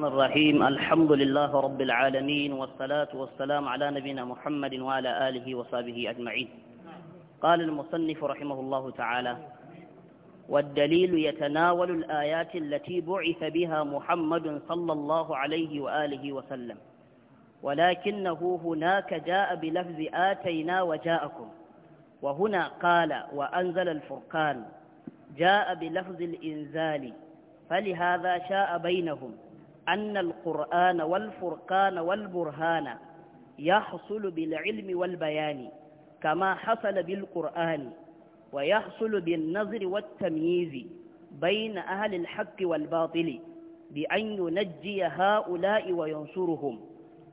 الرحيم الحمد لله رب العالمين والصلاة والسلام على نبينا محمد وعلى آله وصحبه أجمعين قال المصنف رحمه الله تعالى والدليل يتناول الآيات التي بعث بها محمد صلى الله عليه وآله وسلم ولكنه هناك جاء بلفظ آتينا وجاءكم وهنا قال وأنزل الفرقان جاء بلفظ الإنزال فلهذا شاء بينهم أن القرآن والفرقان والبرهان يحصل بالعلم والبيان كما حصل بالقرآن ويحصل بالنظر والتمييز بين أهل الحق والباطل بأن ينجي هؤلاء وينصرهم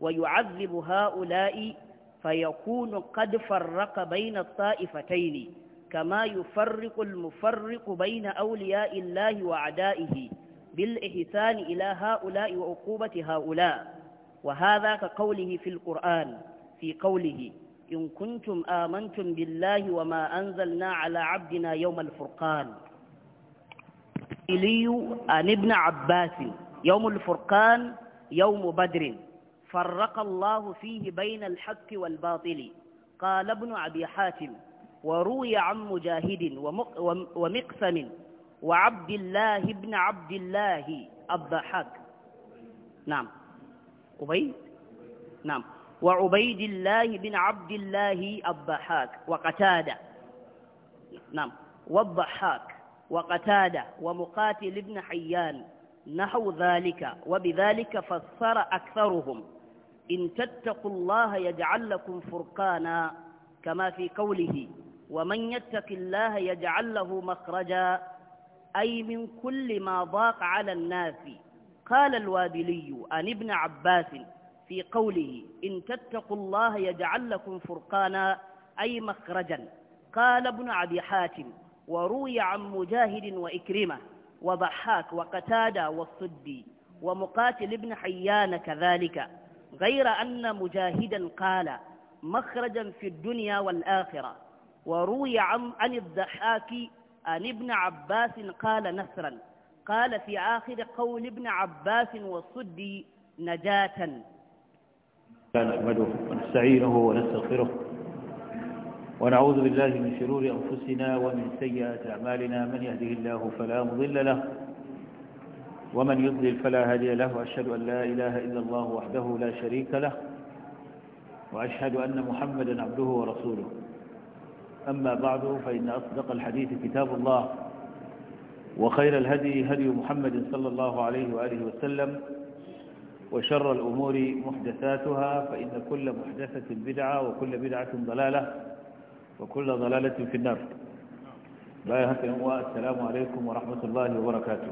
ويعذب هؤلاء فيكون قد فرق بين الطائفتين كما يفرق المفرق بين أولياء الله وعدائه بالإحسان إلى هؤلاء وعقوبة هؤلاء وهذا كقوله في القرآن في قوله إن كنتم آمنتم بالله وما أنزلنا على عبدنا يوم الفرقان إلي عن ابن عباس يوم الفرقان يوم بدر فرق الله فيه بين الحق والباطل قال ابن أبي حاتم وروي عن مجاهد ومقسم وعبد الله بن عبد الله الضحاك نعم أبي نعم وعبيد الله بن عبد الله الضحاك وقتادة نعم والضحاك وقتادة ومقاتل بن حيان نحو ذلك وبذلك فسر أكثرهم إن تتقوا الله يجعل لكم فرقانا كما في قوله ومن يتق الله يجعل له مخرجا أي من كل ما ضاق على الناس قال الوابلي عن ابن عباس في قوله إن تتقوا الله يجعل لكم فرقانا أي مخرجا قال ابن عبي حاتم وروي عن مجاهد وإكرمة وضحاك وقتادة والصدي ومقاتل ابن حيان كذلك غير أن مجاهدا قال مخرجا في الدنيا والآخرة وروي عن, عن الضحاك عن ابن عباس قال نسرا قال في آخر قول ابن عباس والصدي نجاة نحمده ونستعينه ونستغفره ونعوذ بالله من شرور أنفسنا ومن سيئات أعمالنا من يهده الله فلا مضل له ومن يضلل فلا هادي له وأشهد أن لا إله إلا الله وحده لا شريك له وأشهد أن محمدا عبده ورسوله أما بعد فإن أصدق الحديث كتاب الله وخير الهدي هدي محمد صلى الله عليه وآله وسلم وشر الأمور محدثاتها فإن كل محدثة بدعة وكل بدعة ضلالة وكل ضلالة في النار السلام عليكم ورحمة الله وبركاته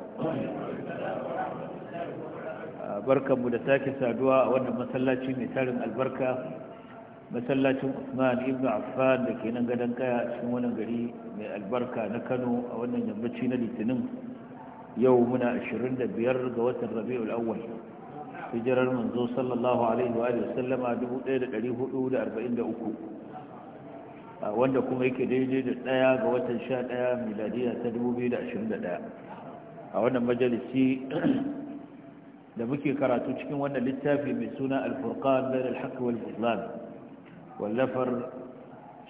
آه، بركة مدتاك سعدوا وأن مسلاتي مثال البركة masallacin usman ibn affan da ke nan gadon kaya cikin wani gari mai albarka na kano a wannan yammaci na litinin yau muna 25 ga watan rabi'ul awwal hijirar manzo sallallahu alaihi wa sallama 1443 wanda kuma yake daidai da daya ga watan 11 miladiya ta 2021 a wannan majalisi da muke karatu cikin wannan littafi mai suna al-furqan bain al-haqq wal-zlam واللفر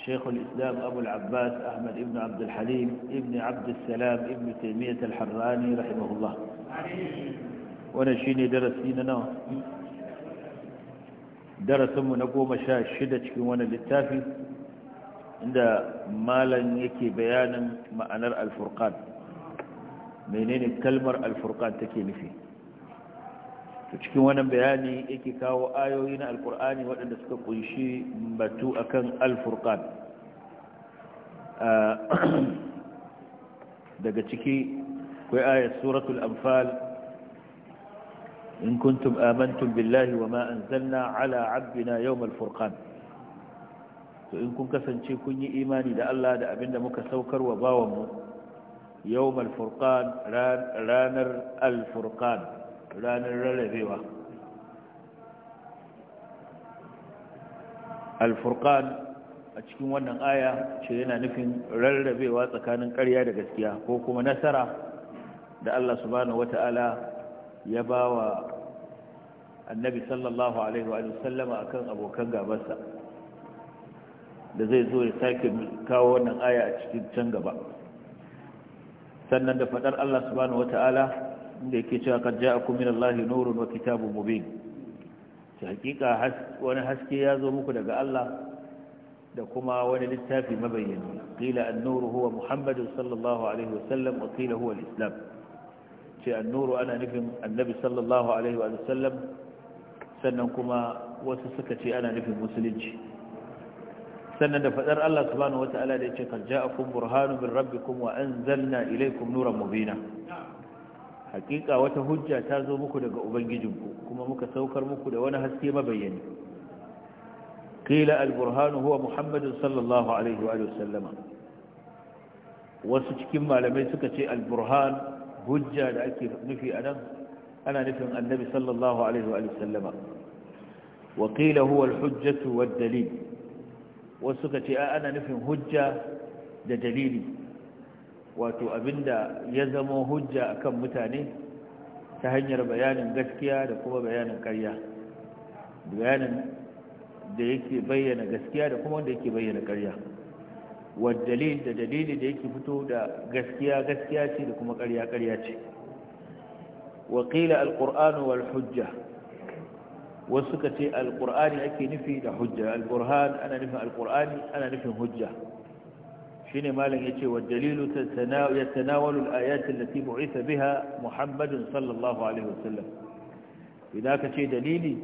شيخ الإسلام أبو العباس أحمد ابن عبد الحليم ابن عبد السلام ابن تيمية الحراني رحمه الله ونشيني درسين أنا درس منقوم شاء الشدج وانا للتافي عند مالا يكي بيانا معنى الفرقان منين كلمر الفرقان تكيني فيه to cikin wannan bayani yake kawo ayoyi na alkur'ani waɗanda suka kunshi batu akan alfurqan ah, daga ciki akwai ayat suratul amfal in kuntum amantum billahi wa ma anzalna ala abdina yawmal furqan to in kun kasance kun yi imani da Allah da abinda muka saukar wa bawanmu yawmal furqan ranar alfurqan ranar rarrabewa alfurkan a cikin wannan aya ce yana nufin rarrabewa tsakanin karya da gaskiya ko kuma nasara da Allah subhanahu wata'ala ya ba wa annabi sallallahu alaihi wa sallama akan abokan gabarsa da zai zo ya sake kawo wannan aya a cikin can gaba sannan da faɗar Allah subhanahu wata'ala inda yake cewa kan ja'akum min Allahi nurun wa kitabun mubin ta hakika wani haske ya zo muku daga Allah da kuma wani littafi mabayyani qila an-nuru huwa Muhammadun sallallahu alaihi wasallam wa qila huwa al-islam ce an-nuru ana nufin annabi sallallahu alaihi wa sallam sannan kuma wasu suka ce ana nufin musulunci sannan da fadar Allah subhanahu wataala da yake kad ja'akum burhanun min rabbikum wa anzalna ilaykum nuran mubina hakika wata hujja ta zo muku daga ubangijinku kuma muka saukar muku da wani haske mabayyani qila al-burhanu huwa muhammadin sallallahu alaihi wa sallama wasu cikin malamai suka ce al-burhan hujja da ake nufi a nan ana nufin annabi sallallahu alaihi wa sallama wa qila huwa al-hujjatu wad-dalil wasu suka ce a ana nufin hujja da dalili wato abinda ya zama hujja akan mutane ta hanyar bayanin gaskiya da kuma bayanin ƙarya bayanin da yake bayyana gaskiya da kuma wanda yake bayyana ƙarya wadalil da dalili da yake fito da gaskiya gaskiya ce da kuma ƙarya ƙarya ce waƙila alƙur'anu wal hujja wasu ka ce alƙur'ani ake nufi da hujja alƙur'an ana nufin alƙur'ani ana nufin hujja shine malam yace wa dalilu yatanawalu al-ayat allati bu'itha biha Muhammadun sallallahu alaihi wasallam idan ka ce dalili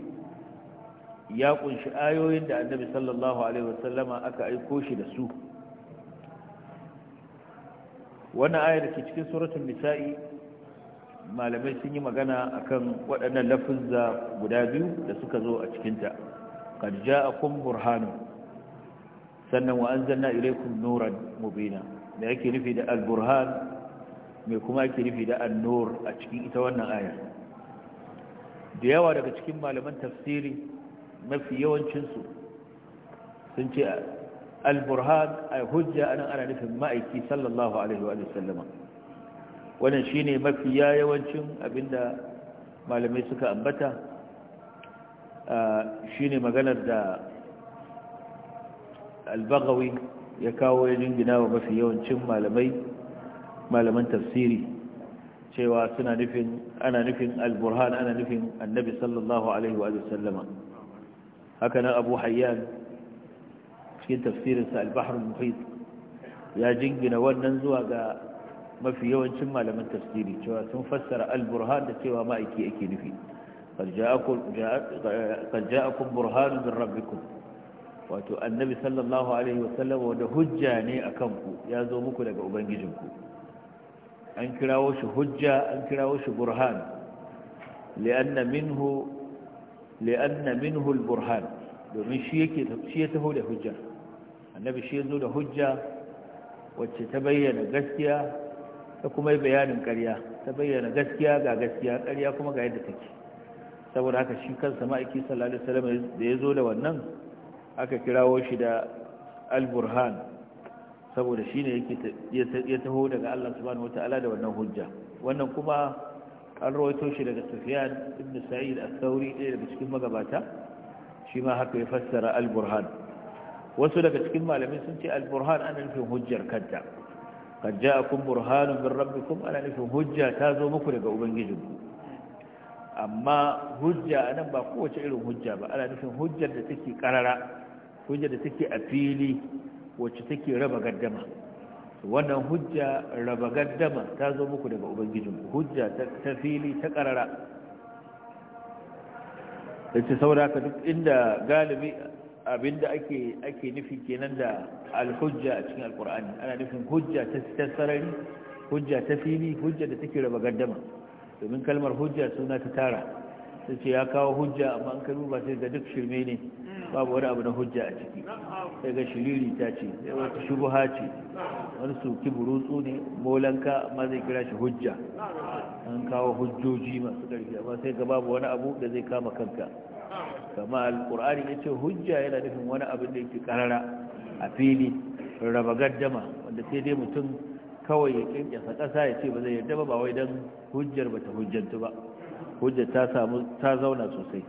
ya kunshi ayoyin da annabi sallallahu alaihi wasallama aka aiko shi da su wannan ayar ke cikin suratul nisa'i malamai sun yi magana akan waɗannan lafuzza guda biyu da suka zo a cikinta qad ja'akum burhanun sannan wa anzalna ilaykum nuran mubina me yake nufi da al-burhan me kuma yake nufi da an-nur a cikin ita wannan aya da yawa daga cikin malaman tafsiri mafi yawancinsu sun ce al-burhan ay hujja anan ana nufin ma'aiki sallallahu alaihi wa sallama wannan shine mafi yawancin abinda malamai suka ambata ah, Shi ne maganar da albagawi ya kawo ya jingina wa mafi yawancin malamai malaman tafsiri cewa suna nufin ana nufin alburhan ana nufin annabi sallallahu alaihi wa sallama haka nan abu hayyan cikin tafsirinsa albahrul muhit ya jingina wannan zuwa ga mafi yawancin malaman tafsiri cewa sun fassara alburhan da cewa ma'aiki ake nufi قد جاءكم برهان من ربكم wato annabi sallallahu alaihi wasallam wanda hujja ne a kanku ya zo muku daga ubangijinku an kirawo shi hujja an kirawo shi burhan li'anna minhu li'anna minhu al-burhan domin shi yake shi ya taho da hujja annabi shi ya zo da hujja wacce ta bayyana gaskiya ta kuma yi bayanin ƙarya ta bayyana gaskiya ga gaskiya ƙarya kuma ga yadda take saboda haka shi kansa ma'aiki sallallahu alaihi wasallam da ya zo da wannan aka kirawo shi da al-burhan saboda shi ne ya taho daga Allah subhanahu Ta'ala da wannan hujja wannan kuma an rawaito shi daga Sufyan ibn Sa'id al-Thawri ɗaya daga cikin magabata shi ma haka ya fassara al-burhan wasu daga cikin malamai sun ce al-burhan ana nufin hujjar kanta قد جاءكم برهان من ana nufin hujja ta zo muku daga ubangijinku amma hujja anan ba kowace irin hujja ba ana nufin hujjar da take karara hujja da take a fili wacce take raba gaddama wannan hujja raba gaddama ta zo muku daga ubangijinku hujja ta fili ta karara da ce sauraka duk inda galibi abinda ake ake nufi kenan da alhujja a cikin alkur'ani ana nufin hujja ta sarari hujja ta fili hujja da take raba gaddama domin kalmar hujja suna ta tara sai ce ya kawo hujja amma an karu ba sai ga duk shirme ne babu wani abu na hujja a ciki sai ga shiriri ta ce sai wata shubuha ce wani soki burutsu ne molanka amma zai kira shi hujja an kawo hujjoji masu ƙarfi amma sai ga babu wani abu da zai kama kanka kama alƙur'ani ya ce hujja yana nufin wani abu da yake karara a fili raba gaddama wanda sai dai mutum kawai ya kyankyasa ƙasa ya ce ba zai yarda ba ba wai don hujjar ba ta hujjantu ba hujjar ta zauna sosai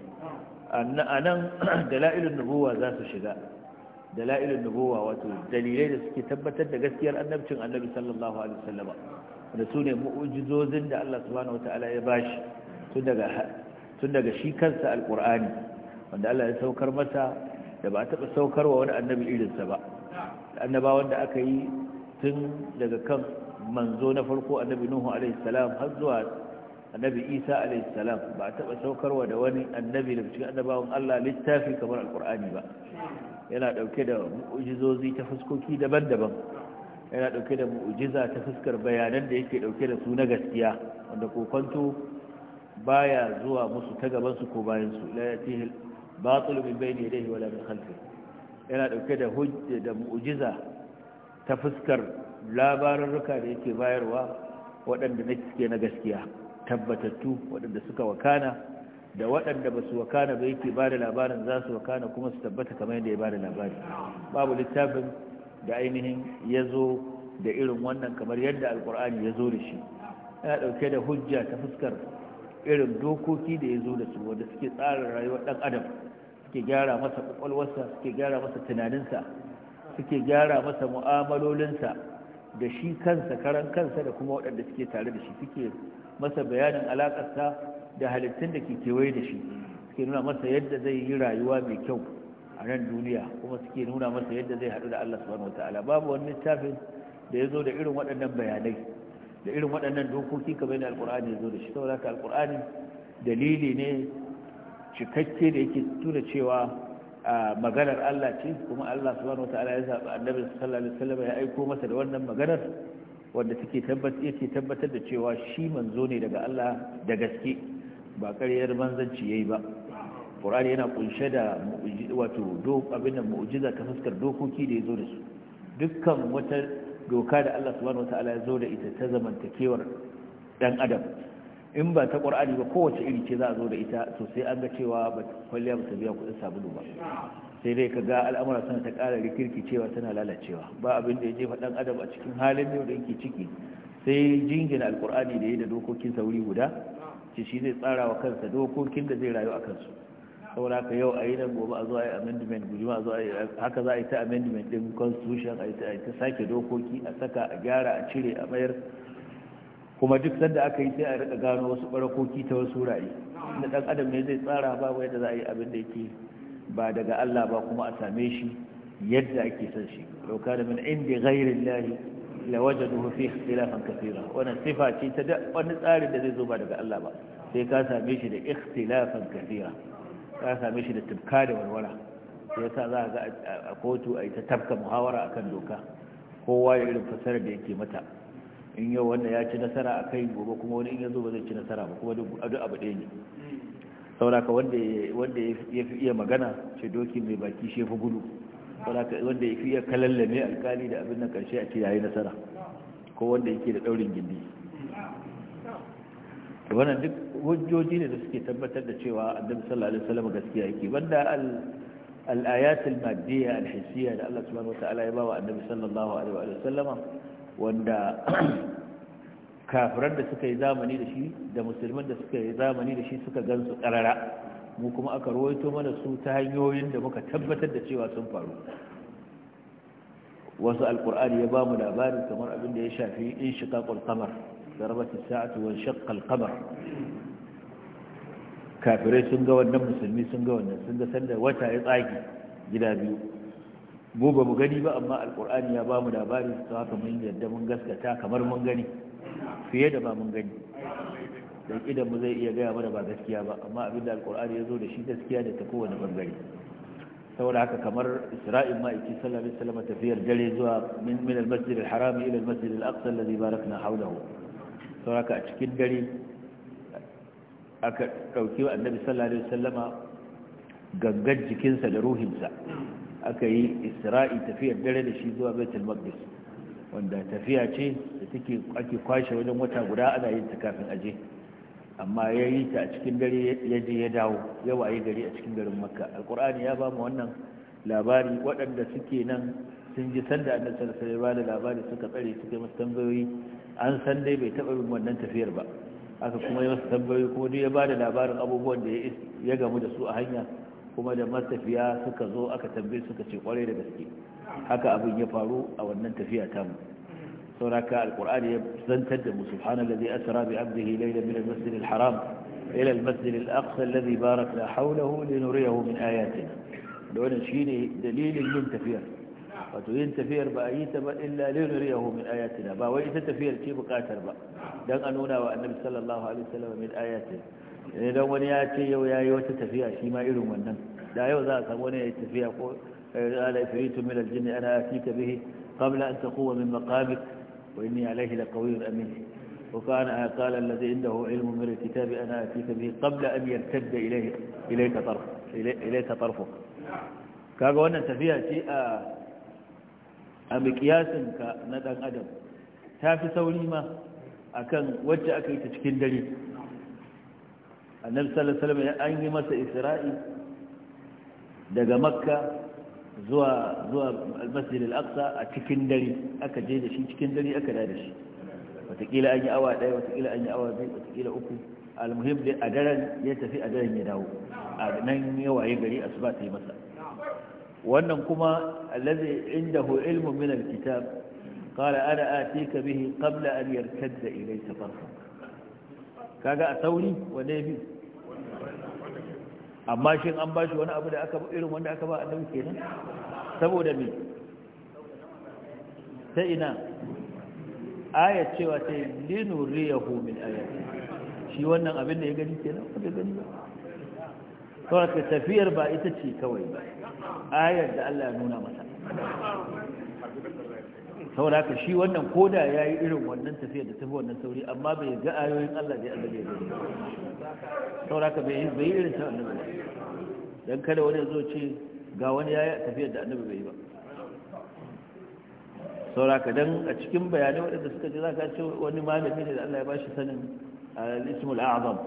a nan dala'ilun nubuwa za su shiga dala'ilun nubuwa wato dalilai da suke tabbatar da gaskiyar annabcin annabi sallallahu alaihi wasallama da su ne mu'ujizozin da Allah subhanahu wataala ya bashi tun daga tun daga shi kansa alqur'ani wanda Allah ya saukar masa da ba taɓa saukarwa wani annabi irinsa ba annaba wanda aka yi tun daga kan manzo na farko annabi nuhu alaihi salam har zuwa annabi isa alaihi ba a taɓa saukarwa da wani annabi da cikin annabawan allah littafi kamar alkur'ani ba yana ɗauke da mu'ujizozi ta fuskoki daban-daban yana ɗauke da mu'ujiza ta fuskar bayanan da yake ɗauke da su na gaskiya wanda kokonto baya zuwa musu ta gabansu ko bayansu la yatihi bai ne bayni wala min khalfihi yana ɗauke da hujja da mu'ujiza ta fuskar labarurruka da yake bayarwa waɗanda na suke na gaskiya tabbatattu waɗanda suka wakana da waɗanda ba su wakana ba yake ba da labarin za su wakana kuma su tabbata kamar yadda ya ba da labari babu littafin da ainihin ya zo da irin wannan kamar yadda alkur'ani ya zo da shi yana ɗauke da hujja ta fuskar irin dokoki da ya zo da su wanda suke tsara rayuwar ɗan adam suke gyara masa ƙwaƙwalwarsa suke gyara masa tunaninsa suke gyara masa mu'amalolinsa da shi kansa karan kansa da kuma waɗanda suke tare da shi suke masa bayanin alakarsa da halittun da ke kewaye da shi suke nuna masa yadda zai yi rayuwa mai kyau a nan duniya kuma suke nuna masa yadda zai haɗu da Allah subhanahu wataala babu wani littafin da ya zo da irin waɗannan bayanai da irin waɗannan dokoki kamar yadda alƙur'ani ya zo da shi saboda haka alƙur'ani dalili ne cikakke da yake tuna cewa maganar Allah ce kuma Allah subhanahu wataala ya zaɓi annabi sallallahu alaihi wasallam ya aiko masa da wannan maganar wanda take yake tabbatar da cewa shi manzo ne daga Allah da gaske ba ƙaryar manzanci yayi ba Qur'ani yana kunshe da wato dok abin da mu'jiza ta fuskar dokoki da yazo da su dukkan wata doka da Allah subhanahu wataala ya zo da ita ta zamantakewar dan adam in ba ta Qur'ani ba kowace iri ce za a zo da ita to sai an ga cewa ba kwalliya ba ta biya kuɗin sabulu ba sai dai ka ga al'amura suna ta ƙara cewa tana lalacewa ba abin da ya jefa ɗan adam a cikin halin yau da yake ciki sai jingina alkur'ani da ya da dokokin sauri guda ce shi zai tsara wa kansa dokokin da zai rayu a kansu saboda ka yau a yi nan gobe a zo yi amendment gujima a zo a yi haka za a yi ta amendment din constitution a yi ta sake dokoki a saka a gyara a cire a mayar kuma duk sanda aka yi sai a rika gano wasu barakoki ta wasu rayu da dan adam ne zai tsara babu yadda za a yi abin da yake ba daga Allah ba kuma a same shi yadda ake son shi law da min indi gairin Allah la wajaduhu fi ikhtilafan kathira wannan sifa ce ta wani tsarin da zai zo ba daga Allah ba sai ka same shi da ikhtilafan kathira ka same shi da tibka da warwara sai yasa za a ga a kotu a yi ta tafka muhawara akan doka kowa ya irin fasarar da yake mata in yau wanda ya ci nasara a kai gobe kuma wani in ya zo ba zai ci nasara ba kuma duk abu ɗaya ne sauraka wanda ya fi iya magana ce doki mai baki shi fi gudu wanda ya fi iya kalallame alkali da abin nan karshe a ce yayi nasara ko wanda yake da daurin gindi wannan duk hujjoji ne da suke tabbatar da cewa annabi sallallahu alaihi wasallam gaskiya yake banda al-ayat al-maddiyya al-hissiyya da Allah subhanahu ta'ala ya bawa annabi sallallahu alaihi wasallama wanda kafiran da suka yi zamani da shi da musulman da suka yi zamani da shi suka gan su karara mu kuma aka rawaito mana su ta hanyoyin da muka tabbatar da cewa sun faru wasu alkur'ani ya ba mu labarin kamar abin da ya shafi in shiga kulkamar zarabata sa'atu wa shaqqa al-qamar kafirai sun ga wannan musulmi sun ga wannan sun ga sanda wata ya tsaki gida biyu mu ba mu gani ba amma alkur'ani ya ba mu labarin su haka mun yadda mun gaskata kamar mun gani fiye da ba mun gani dan idan mu zai iya gaya mana ba gaskiya ba amma abinda da alkur'ani ya zo da shi gaskiya ne ta kowane bangare saboda haka kamar isra'il ma'aiki sallallahu alaihi wasallam tafiyar dare zuwa min min al-masjid al-haram ila al-masjid al-aqsa alladhi barakna hawlahu saboda haka a cikin dare aka dauki wa annabi sallallahu alaihi wasallama gangan jikinsa da ruhinsa aka yi isra'i tafiyar dare da shi zuwa baitul maqdis wanda tafiya ce da take ake kwashe wajen wata guda ana yin ta kafin aje amma ya ta a cikin dare ya je ya dawo ya waye gari a cikin garin makka alkur'ani ya ba mu wannan labari waɗanda suke nan sun ji sanda annabi sallallahu alaihi wasallam labari suka tsare suka masa tambayoyi an san dai bai taba bin wannan tafiyar ba aka kuma yi masa tambayoyi kuma duk ya ba da labarin abubuwan da ya gamu da su a hanya kuma da matafiya suka zo aka tambaye suka ce kwarai da gaske haka abin ya faru a wannan tafiya tamu sauraka alkur'ani ya zantar da mu subhanallazi asra bi abdihi laylan min al-masjid al-haram ila al-masjid al-aqsa alladhi barakna hawlahu linuriyahu min ayatina da wannan shine dalilin yin tafiyar wato yin tafiyar ba a yi ta ba illa linuriyahu min ayatina ba wai ita tafiyar ce bukatar ba dan a nuna wa annabi sallallahu alaihi wasallam min ayatina idan wani ya ce yau yayi wata tafiya shi ma irin wannan da yau za a samu wani ya tafiya ko قال إفريت من الجن أنا آتيك به قبل أن تقوم من مقامك وإني عليه لقوي أمين وكان قال الذي عنده علم من الكتاب أنا آتيك به قبل أن يرتد إليه إليك طرف إليك طرفك كاغو آه، أن أنت فيها شيء أمكياس كندان أدم تافي سوليما أكن وجهك تشكين دليل النبي صلى الله عليه وسلم أين مسا إسرائيل دقى مكة zuwa zuwa almasjid a cikin dare aka je da shi cikin dare aka da shi wataƙila an yi awa ɗaya wataƙila an yi awa biyu wataƙila uku almuhim dai a daren ya tafi a daren ya dawo a nan ya waye gari asuba ta yi masa wannan kuma allazi indahu ilmun min alkitab qala ana atika bihi qabla an yartadda ilayka farfak kaga a sauri wanda ya biyu amma shin an bashi wani abu da aka irin wanda aka ba a annabi kenan saboda me ta ina ayat cewa ta ya min ayati shi wannan abin da ya gani kenan ba gani ba kawai ka tafiyar ba ita ce kawai ba ayar da Allah ya nuna masa. saboda ka shi wannan koda ya yi irin wannan tafiya da tafi wannan sauri amma bai ga ayoyin Allah da Allah bai saboda ka bai yi irin ta annabi ba dan kada wani zo ce ga wani ya yi tafiyar da annabi bai yi ba saboda ka dan a cikin bayanai wanda suka ji za ka ce wani malami ne da Allah ya ba shi sanin al-ismul eh, a'zam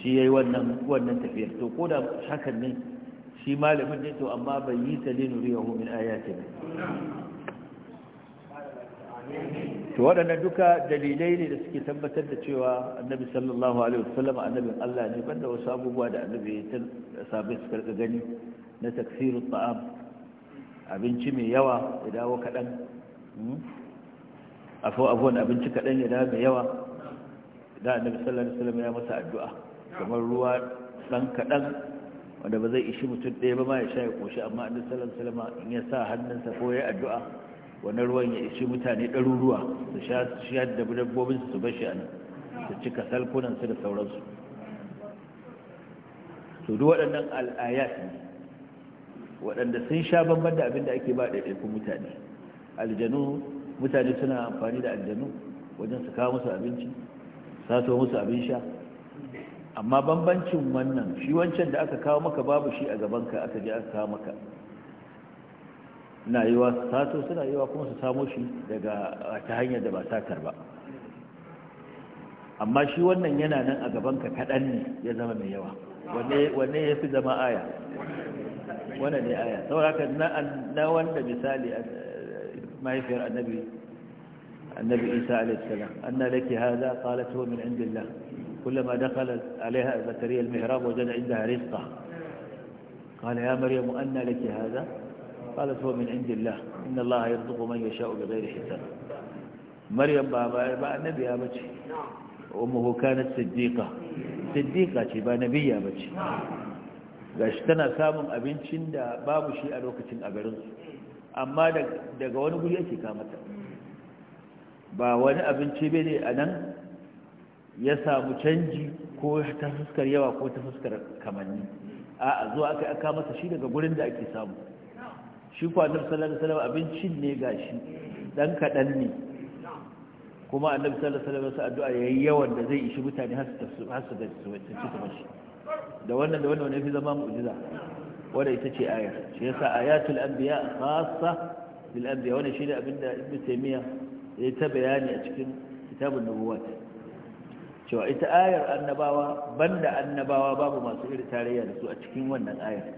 shi yayi wannan wannan tafiyar to koda hakan ne shi malamin ne to amma bai yi ta riyahu min ayatihi to waɗannan duka dalilai ne da suke tabbatar da cewa annabi sallallahu alaihi wasallam annabin Allah ne banda wasu abubuwa da annabi ya sabi su karka gani na taksiru ta'am abinci mai yawa ya dawo kaɗan hmm? afuwan abinci kaɗan ya dawo mai yawa da annabi sallallahu alaihi wasallam ya masa addu'a kamar ruwa ɗan kaɗan wanda ba zai ishi mutum ɗaya ba ma ya sha ya ƙoshi amma annabi sallallahu alaihi wasallam in ya sa hannunsa ko ya addu'a wani ruwan ya ishi mutane ɗaruruwa su sha da dabbobin su bashi a nan su cika su da sauransu to duk waɗannan al'ayat ne waɗanda sun sha bambam da abin da ake ba da ɗaiɗaikun mutane aljanu mutane suna amfani da aljanu wajen su kawo musu abinci sato musu abin sha amma bambancin wannan shi wancan da aka kawo maka babu shi a gabanka aka je aka kawo maka na yi wa sato suna yi wa kuma su samu shi daga ta hanyar da ba satar ba amma shi wannan yana nan a gaban ka kaɗan ne ya zama mai yawa wanne ya fi zama aya wanne ne aya sauraka na wanda misali mahaifiyar annabi annabi isa عليه السلام أن لك هذا قالت min indillah عند الله كلما دخل عليها زكريا المهراب وجد عندها رزقا قال يا مريم أن لك هذا قالت هو من عند الله إن الله يرزق من يشاء بغير حساب مريم بابا با نبيها بچي أمه كانت صديقة صديقة ce ba nabiya bace gashi tana samun abincin da babu shi a lokacin a garinsu. amma daga wani guri yake kamata ba wani abinci bane a nan ya samu canji ko ta fuskar yawa ko ta fuskar kamanni a zuwa aka aka masa shi daga gurin da ake samu shi kuwa annabi sallallahu alaihi wasallam abincin ne gashi dan kadan ne kuma annabi sallallahu alaihi wasallam sa addu'a yayi yawan da zai ishi mutane har su har su ga su ci su mashi da wannan da wannan ne fi zama mu'jiza wanda ita ce aya shi yasa ayatul anbiya khassa lil anbiya wannan shine abinda ibnu taymiya ya ta bayani a cikin kitabun nubuwat cewa ita ayar annabawa banda annabawa babu masu irin tarayya da su a cikin wannan ayar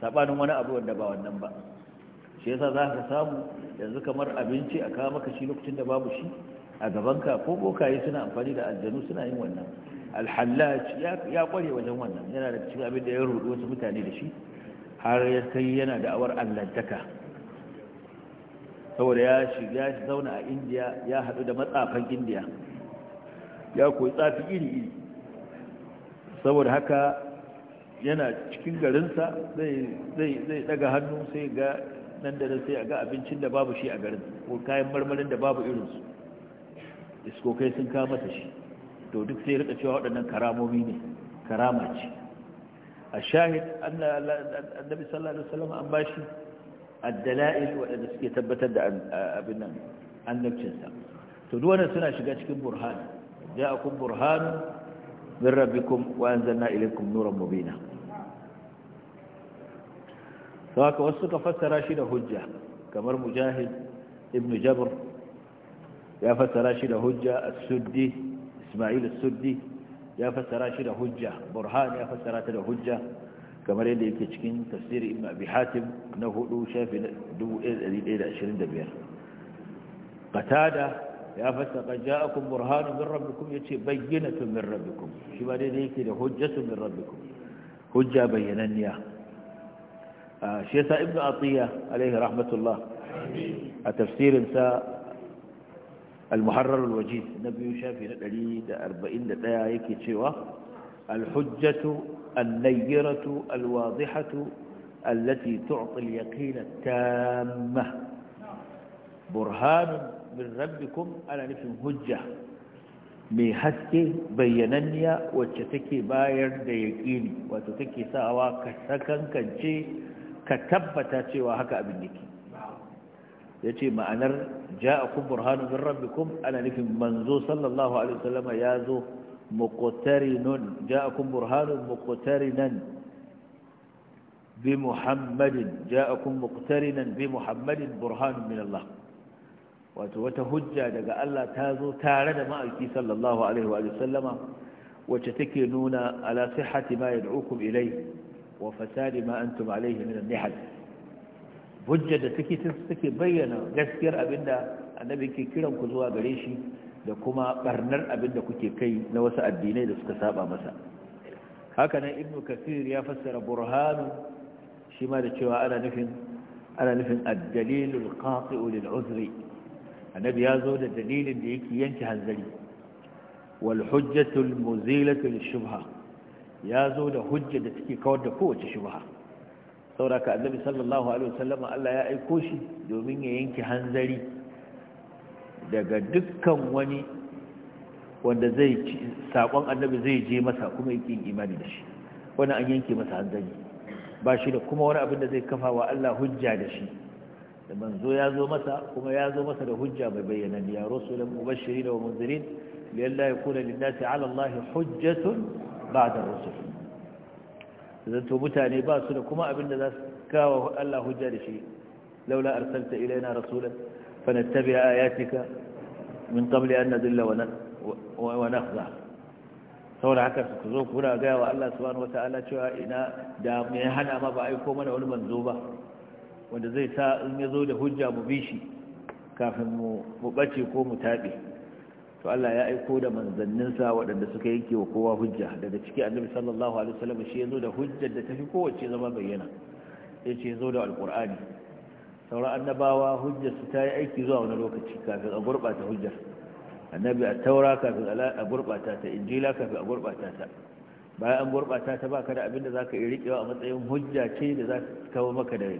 sabanin wani abu wanda ba wannan ba shi yasa za ka samu yanzu kamar abinci a kawo maka shi lokacin da babu shi a gabanka ko bokaye suna amfani da aljanu suna yin wannan alhallaj ya kware wajen wannan yana da cikin abin da ya rudu wasu mutane da shi har ya kai yana da awar allantaka saboda ya shiga shi zauna a indiya ya haɗu da matsafan indiya ya koyi tsafi iri-iri saboda haka yana cikin garinsa zai daga hannu sai ga nan da sai a ga abincin da babu shi a garin ko kayan marmarin da babu irinsu iskokai sun kama ta shi to duk sai rika cewa waɗannan karamomi ne karama ce a shahid annabi sallallahu alaihi wasallam an bashi addala'il waɗanda suke tabbatar da abin nan sa to duk wannan suna shiga cikin burhan ja'akum burhan min rabbikum wa anzalna ilaykum nuran mubina haka wasu suka fassara shi da hujja kamar mujahid ibn jabr ya fassara shi da hujja as-suddi isma'il as-suddi ya fassara shi da hujja burhan ya fassara ta da hujja kamar yadda yake cikin tafsir ibn abi hatim na hudu shafi 1125 qatada ya fassara ja'akum burhanun min rabbikum yace bayyinatun min rabbikum shi ba dai yake da hujjatun min rabbikum hujja bayyananniya آه، شيخ ابن عطية عليه رحمة الله التفسير آه، انساء المحرر الوجيد نبي شافي نقليد أربعين دقائق شوى الحجة النيرة الواضحة التي تعطي اليقين التامة برهان من ربكم على نفس الهجة ميهسك بيننيا وشتكي باير ديكين وتتكي ساواك سكن كنشي ka tabbata cewa haka abin yake ya ce ma'anar ja'akum burhanu min rabbikum ana nufin manzo sallallahu alaihi wasallama ya zo muqtarinun ja'akum burhanun muqtarinan bi muhammadin ja'akum muqtarinan bi muhammadin burhanun min Allah wato wata hujja daga Allah ta zo tare da ma'aiki sallallahu alaihi wasallama wacce take nuna ala sihhati ma yad'ukum ilayhi wa fasadi ma antum alaihi min an-nihal hujja da take take bayyana gaskiyar abinda annabi ke kiran ku zuwa gare shi da kuma barnar abinda kuke kai na wasu addinai da suka saba masa haka nan ibnu kathir ya fassara burhanu shi ma da cewa ana nufin ana nufin ad-dalilul qati'u lil uzri annabi ya zo da dalilin da yake yanke hanzari wal hujjatul muzilatu lish shubha ya zo da hujja da take kawar da kowace shubha sauraka annabi sallallahu alaihi wasallam Allah ya aiko shi domin ya yanke hanzari daga dukkan wani wanda zai sakon annabi zai je masa kuma yake imani da shi wani an yanke masa hanzari ba shi da kuma wani abin da zai kafa wa Allah hujja da shi da manzo ya zo masa kuma ya zo masa da hujja mai bayyana ya rusulan mubashirin wa munzirin liyalla yakuna lin-nasi 'ala Allah hujjatun ba da rusul zato mutane ba su da kuma abin da za su kawo Allah hujja da shi laula arsalta ilaina rasulan fanattabi'a ayatika min qabli an nadilla wa nakhza saboda haka ku zo kuna gaya wa Allah subhanahu wata'ala cewa ina da mai hana ma ba aiko mana wani manzo ba wanda zai sa in ya zo da hujja mu bi shi kafin mu bace ko mu taɓe to Allah ya aiko da manzanninsa waɗanda suka yanke wa kowa hujja daga ciki annabi sallallahu alaihi wasallam shi yazo da hujjar da tafi kowace zama bayyana yace ce yazo da alqur'ani sauran annabawa hujjar su ta yi aiki zuwa wani lokaci kafin a gurbata hujjar annabi a taura kafin a gurbata ta injila kafin a gurbata ta bayan an gurbata ta baka da abin da zaka yi riƙewa a matsayin hujja ce da za ta kawo maka da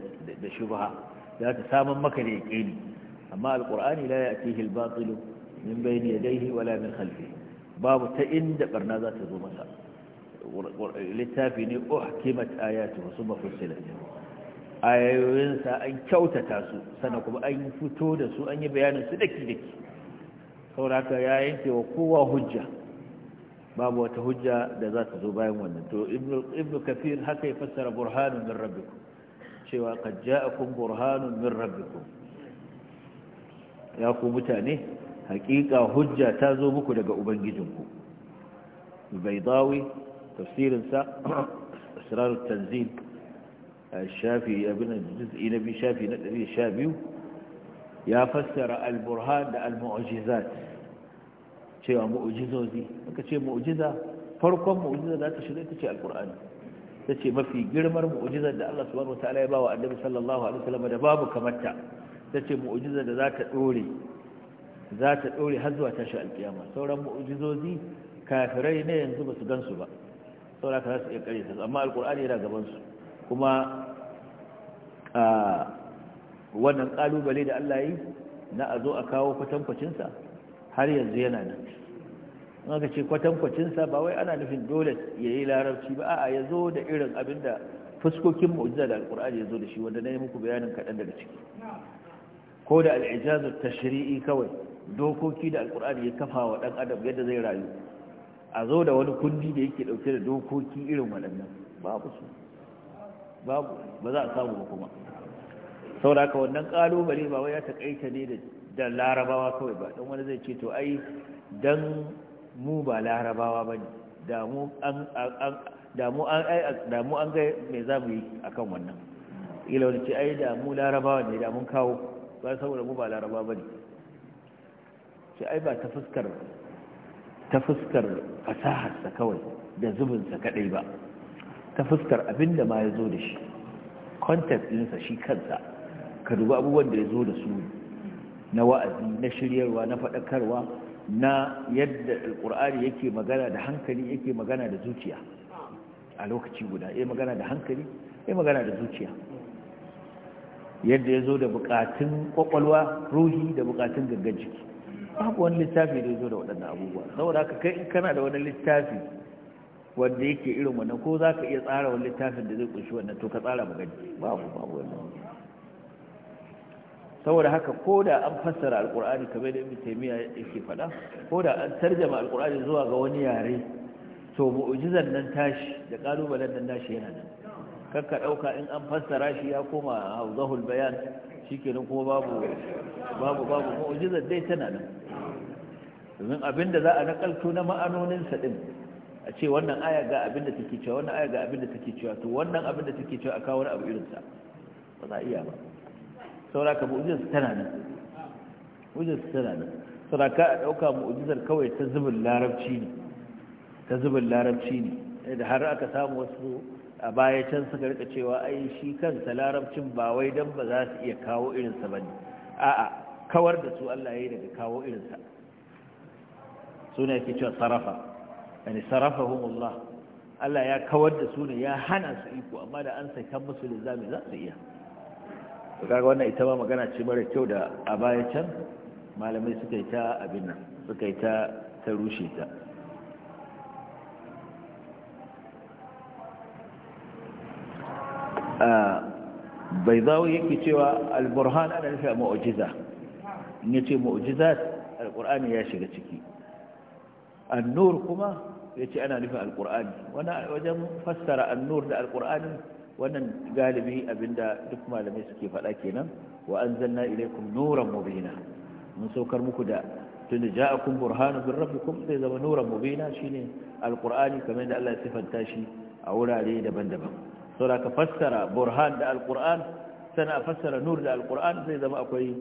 da shubha za ta samun maka da yaqini amma alqur'ani la ya'tihi al-batilu min bayni yadayhi wala min khalfihi babu ta inda barna za ta zo masa littafi ne uhkimat ayatu summa fussilat ayoyinsa an kyautata su sannan kuma an fito da su an yi bayanin su daki daki sauraka ya yanke wa kowa hujja babu wata hujja da za ta zo bayan wannan to ibn kafir haka ya fassara burhanun min rabbikum cewa qad burhanun min rabbikum ya ku mutane hakika hujja ta zo muku daga ubangijinku baidawi tafsirinsa asrar tanzil shafi abin da juz'i na biyu shafi na 112 ya fassara al-burhan da al-mu'jizat cewa mu'jizozi aka ce mu'jiza farkon mu'jiza za ta shiga ita ce al ƙurani ta ce mafi girmar mu'jizar da Allah subhanahu Ta'ala ya ba wa annabi sallallahu alaihi wasallam da babu kamata. ta ce mu'jizar da za ta ɗore. za ta ɗore har zuwa tashi alƙiyama. sauran mu'ujizozi kafirai ne yanzu ba su gan su ba saura ka za su iya kare su amma alƙur'ani yana gabansu kuma wannan ƙalubale da Allah yi na a zo a kawo kwatankwacinsa har yanzu yana nan in aka ce kwatankwacinsa ba wai ana nufin dole ya yi larabci ba A'a ya zo da irin abin da fuskokin mu'ujiza da Alƙur'ani ya zo da shi wanda na yi muku bayanin kaɗan daga ciki ko da al'ijazu tashri'i kawai dokoki da alkur'ani ya kafa wa ɗan adam yadda zai rayu a zo da wani kundi da yake dauke da dokoki irin waɗannan babu su babu ba za a samu ba kuma sauraka wannan ƙalubale ba wai ya taƙaita ne da larabawa kawai ba don wani zai ce to ai dan mu ba larabawa ba ne damu an ga mai za mu yi a kan wannan ila wani ce ai mu larabawa ne da mun kawo ba saboda mu ba larabawa ba ne ce ai ba ta fuskar ta fasaharsa kawai da zubinsa kadai ba ta fuskar abin da ma ya zo da shi context ɗinsa shi kansa ka duba abubuwan da ya zo da su na wa'azi na shiryarwa na faɗakarwa na yadda alƙur'ani yake magana da hankali yake magana da zuciya a lokaci guda ya magana da hankali ya magana da zuciya yadda ya zo da bukatun ƙwaƙwalwa ruhi da bukatun gangan jiki babu wani littafi da ya zo da waɗannan abubuwa saboda haka kai kana da wani littafi wanda yake irin wani ko za ka iya tsara wani littafin da zai kunshi wannan to ka tsara magani babu babu wani saboda haka ko da an fassara alkur'ani kamar da ibn taymiya yake faɗa ko da an tarjama alkur'ani zuwa ga wani yare to mu'jizan nan tashi da kalubalen nan tashi yana nan kakka dauka in an fassara shi ya koma hawzahul bayan shikenan kuma babu babu babu mu'jizar dai tana nan domin abinda za a nakalto na ma'anonin sa din a ce wannan aya ga abinda take cewa wannan aya ga abinda take cewa to wannan abinda take cewa a kawo abu irin sa ba za iya ba ka mu'jizar tana nan mu'jizar tana nan sauraka a dauka mu'jizar kawai ta zubin larabci ne ta zubin larabci ne da har aka samu wasu a baya can suka rika cewa ai shi kansa larabcin ba wai dan ba za su iya kawo irinsa ba ne a'a kawar da su Allah ya yi daga kawo irinsa suna yake cewa sarafa yani sarafahumullah Allah ya kawar da su ne ya hana su iko amma da an kan musu lizami za su iya to kaga wannan ita ma magana ce mara kyau da a baya can malamai suka yi ta abin nan suka yi ta ta rushe ta bai zawo yake cewa al ana nufi mu'jiza in yace mu'jizat al ya shiga ciki Annur kuma yace ana nufi Alƙur'ani. wajen fassara annur da al wannan galibi abinda duk malamai suke faɗa kenan wa zanna ilaykum nuran mubina mun saukar muku da tunda ja'akum burhanun min kuma zai zama nuran mubina shine Alƙur'ani kamar da Allah ya sifanta shi a wurare daban-daban saboda ka fassara burhan da alkur'an sana fassara nur da alkur'an? Zai zama akwai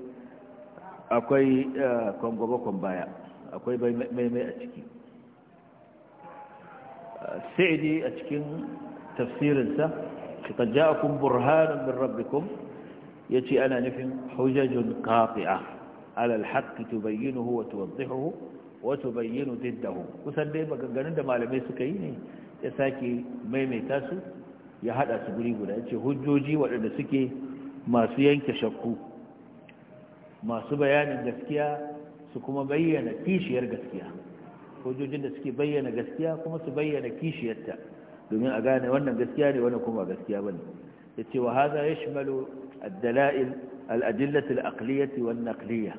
akwai eh, kwangwabakon baya akwai maimai a ciki sa'idi a cikin tafsirinsa qad akun burhanun min ya yace ana nufin hujajun qati'a ala alhaq tubayyinuhu wa tuwaddihuhu wa tubayyinu diddahu kusan dai maganganun da malamai suka yi ne ya sake maimaita su ya hada su guri guda yace hujjoji waɗanda suke masu yanke shakku masu bayanin gaskiya su kuma bayyana kishiyar gaskiya hujjojin da suke bayyana gaskiya kuma su bayyana kishiyarta domin a gane wannan gaskiya ne wannan kuma gaskiya bane ce wa hadha yashmalu ad-dala'il al-adillah al-aqliyah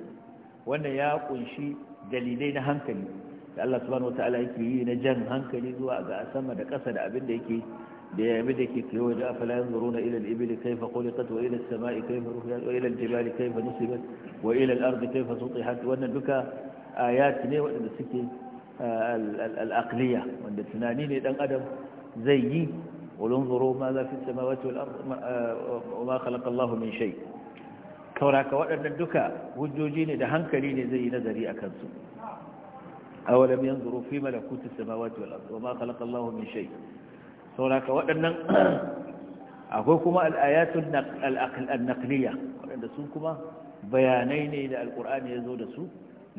wannan ya kunshi dalilai na hankali da Allah subhanahu wataala yake yi na jan hankali zuwa ga sama da ƙasa da abin da yake بيعمدك كيوج أفلا ينظرون إلى الإبل كيف خلقت وإلى السماء كيف رفعت وإلى الجبال كيف نصبت وإلى الأرض كيف سطحت وأن بك آيات ليه وأن السكة الأقلية وأن التنانين إذن أدم زيي ولنظروا ماذا في السماوات والأرض آه، وما خلق الله من شيء كوراك وأن الدكا وجوجين هنكرين زي نذري أكنسو أولم ينظروا في ملكوت السماوات والأرض وما خلق الله من شيء sauraka waɗannan akwai kuma al'ayatun al'aqliya waɗanda sun kuma bayanai ne da alƙur'ani ya zo da su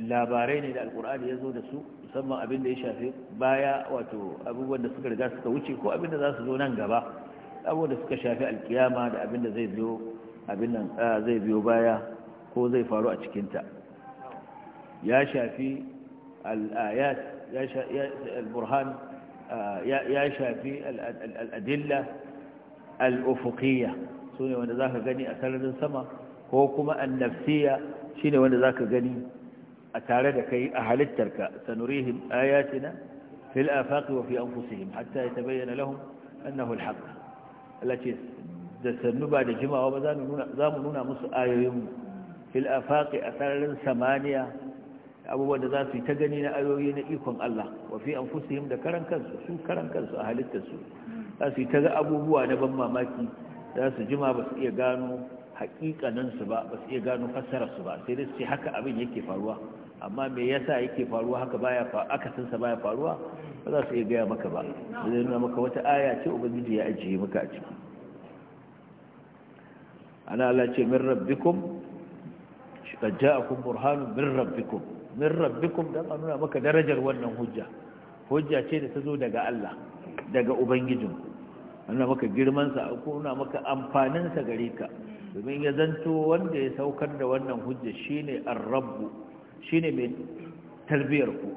labarai ne da alƙur'ani ya zo da su musamman abin da ya shafi baya wato abubuwan da suka riga suka wuce ko abin da za su zo nan gaba abubuwan da suka shafi alkiyama da abin da zai biyo abin nan zai biyo baya ko zai faru a cikinta ya shafi al'ayat ya shafi al ya shafi al'adilla al'ufuqiyya su ne wanda za ka gani a sararin sama ko kuma annafsiya shi ne wanda za ka gani a tare da kai a halittarka sanurihim ayatina fil afaqi wa fi anfusihim hatta yatabayyana lahum annahu alhaq Allah ce da sannu ba da jimawa ba za mu nuna musu ayoyin fil afaqi a sararin samaniya abubuwan da za su yi ta gani na ayoyi na ikon Allah wa fi anfusihim da karan kansu su karan kansu a halittarsu za su yi ta ga abubuwa na ban mamaki za su jima ba su iya gano haƙiƙanansu ba ba su iya gano fassararsu ba sai dai su ce haka abin yake faruwa amma me yasa yake faruwa haka baya fa akasinsa sa baya faruwa ba za su iya gaya maka ba zai nuna maka wata aya ce ubangiji ya ajiye maka a ciki ana Allah ce min rabbikum قد جاءكم برهان من ربكم min rabbikum dan a nuna maka darajar wannan hujja hujja ce da ta zo daga Allah daga ubangijin nuna maka girmansa ko nuna maka amfaninsa gare ka domin ya zanto wanda ya saukar da wannan hujja shine ar-rabbu shine mai tarbiyar ku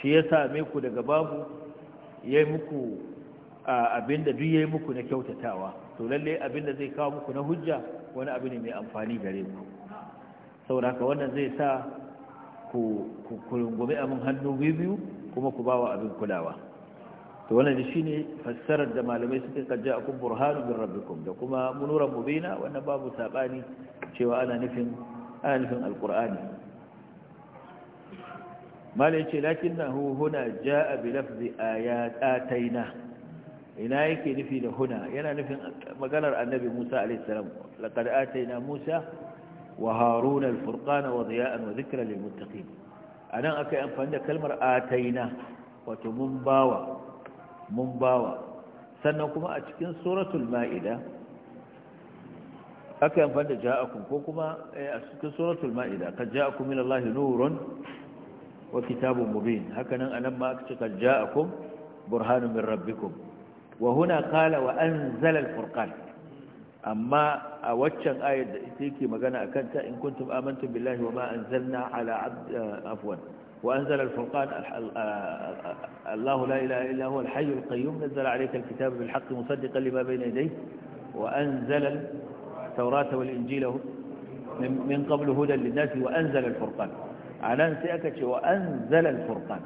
shi ya same ku daga babu yayi muku abinda duk yayi muku na kyautatawa to lalle abinda zai kawo muku na hujja wani abu ne mai amfani gare ku saboda haka wannan zai sa ku rungumi abin hannu biyu kuma ku bawa abin kulawa to wannan shi ne fassarar da malamai suka kajja a kun burhanu bin rabbikum da kuma munuran mubina wannan babu saɓani cewa ana nufin ana nufin alƙur'ani malai ce lakin na huna ja a bilafzi a ya tsataina ina yake nufi da huna yana nufin maganar annabi musa alaihissalam laƙar musa wa haruna al-furqana wa diya'an wa dhikra lil muttaqin anan aka yi amfani da kalmar ataina wato mun bawa mun bawa sannan kuma a cikin suratul ma'ida aka yi amfani da ja'akum ko kuma eh, a cikin suratul ma'ida ka ja'akum min Allah nurun wa kitabun mubin hakanan anan ma aka ce ka ja'akum burhanun min rabbikum wa huna kala wa anzala al-furqan amma a waccan ayar da ita yake magana a kanta in kuntum amantum billahi wa ma anzalna ala abd afwan wa anzala al-furqan Allahu la ilaha illa huwa al-hayy al-qayyum nazzala alayka al-kitaba bil haqqi musaddiqan lima bayna yadayhi wa anzala at-taurata wal injila min qablu hudan lin-nasi wa anzala al-furqan anan sai aka ce wa anzala al-furqan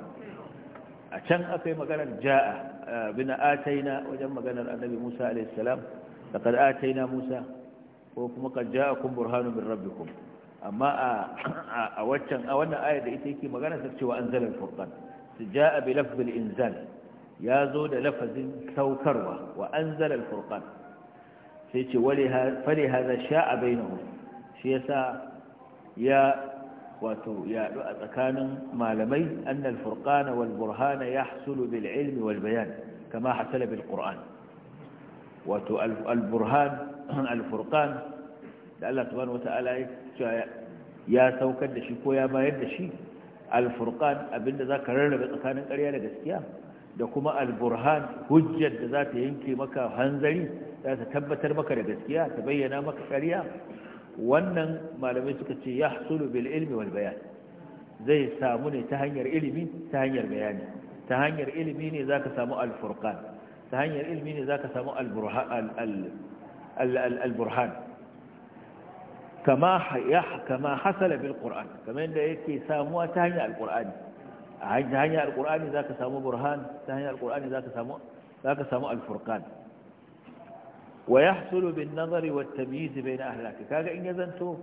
a can akai maganar jaa bina ataina wajen maganar annabi Musa alayhi salam laqad ataina musa ko kuma qad ja'akum burhanun min rabbikum amma a waccan a wannan ayar da ita yake magana ta cewa anzala al-furqan ja'a bi lafz inzal ya zo da lafazin saukarwa wa anzala al-furqan sai ce wali fali hadha sha'a bainahum shi yasa ya wato yaɗu a tsakanin malamai annal furqana wal burhana yahsulu bil ilmi wal bayan kama hasala bil qur'an wato alburhan burhan al-furqan da Allah subhanahu wata'ala ya saukar da shi ko ya bayar da shi Alfurkan, abinda za zaka rarrabe tsakanin ƙarya da gaskiya da kuma Alburhan, hujjar da za ta yanke maka hanzari za ta tabbatar maka da gaskiya ta bayyana maka ƙarya wannan malamai suka ce ya hasulu bil ilmi wal bayan zai samu ne ta hanyar ilimi ta hanyar bayani ta hanyar ilimi ne za ka samu alfurkan ta hanyar ilmi ne za ka samu al-burhan kama hasala bil ƙur'an kama yadda yake samuwa ta hanyar Alƙur'ani. a hanyar Alƙur'ani za ka samu burhan ta hanyar Alƙur'ani za ka samu al-furqan wa ya hasulu bin nazari wa tamizi bai na ahlaki kaga in ya zanto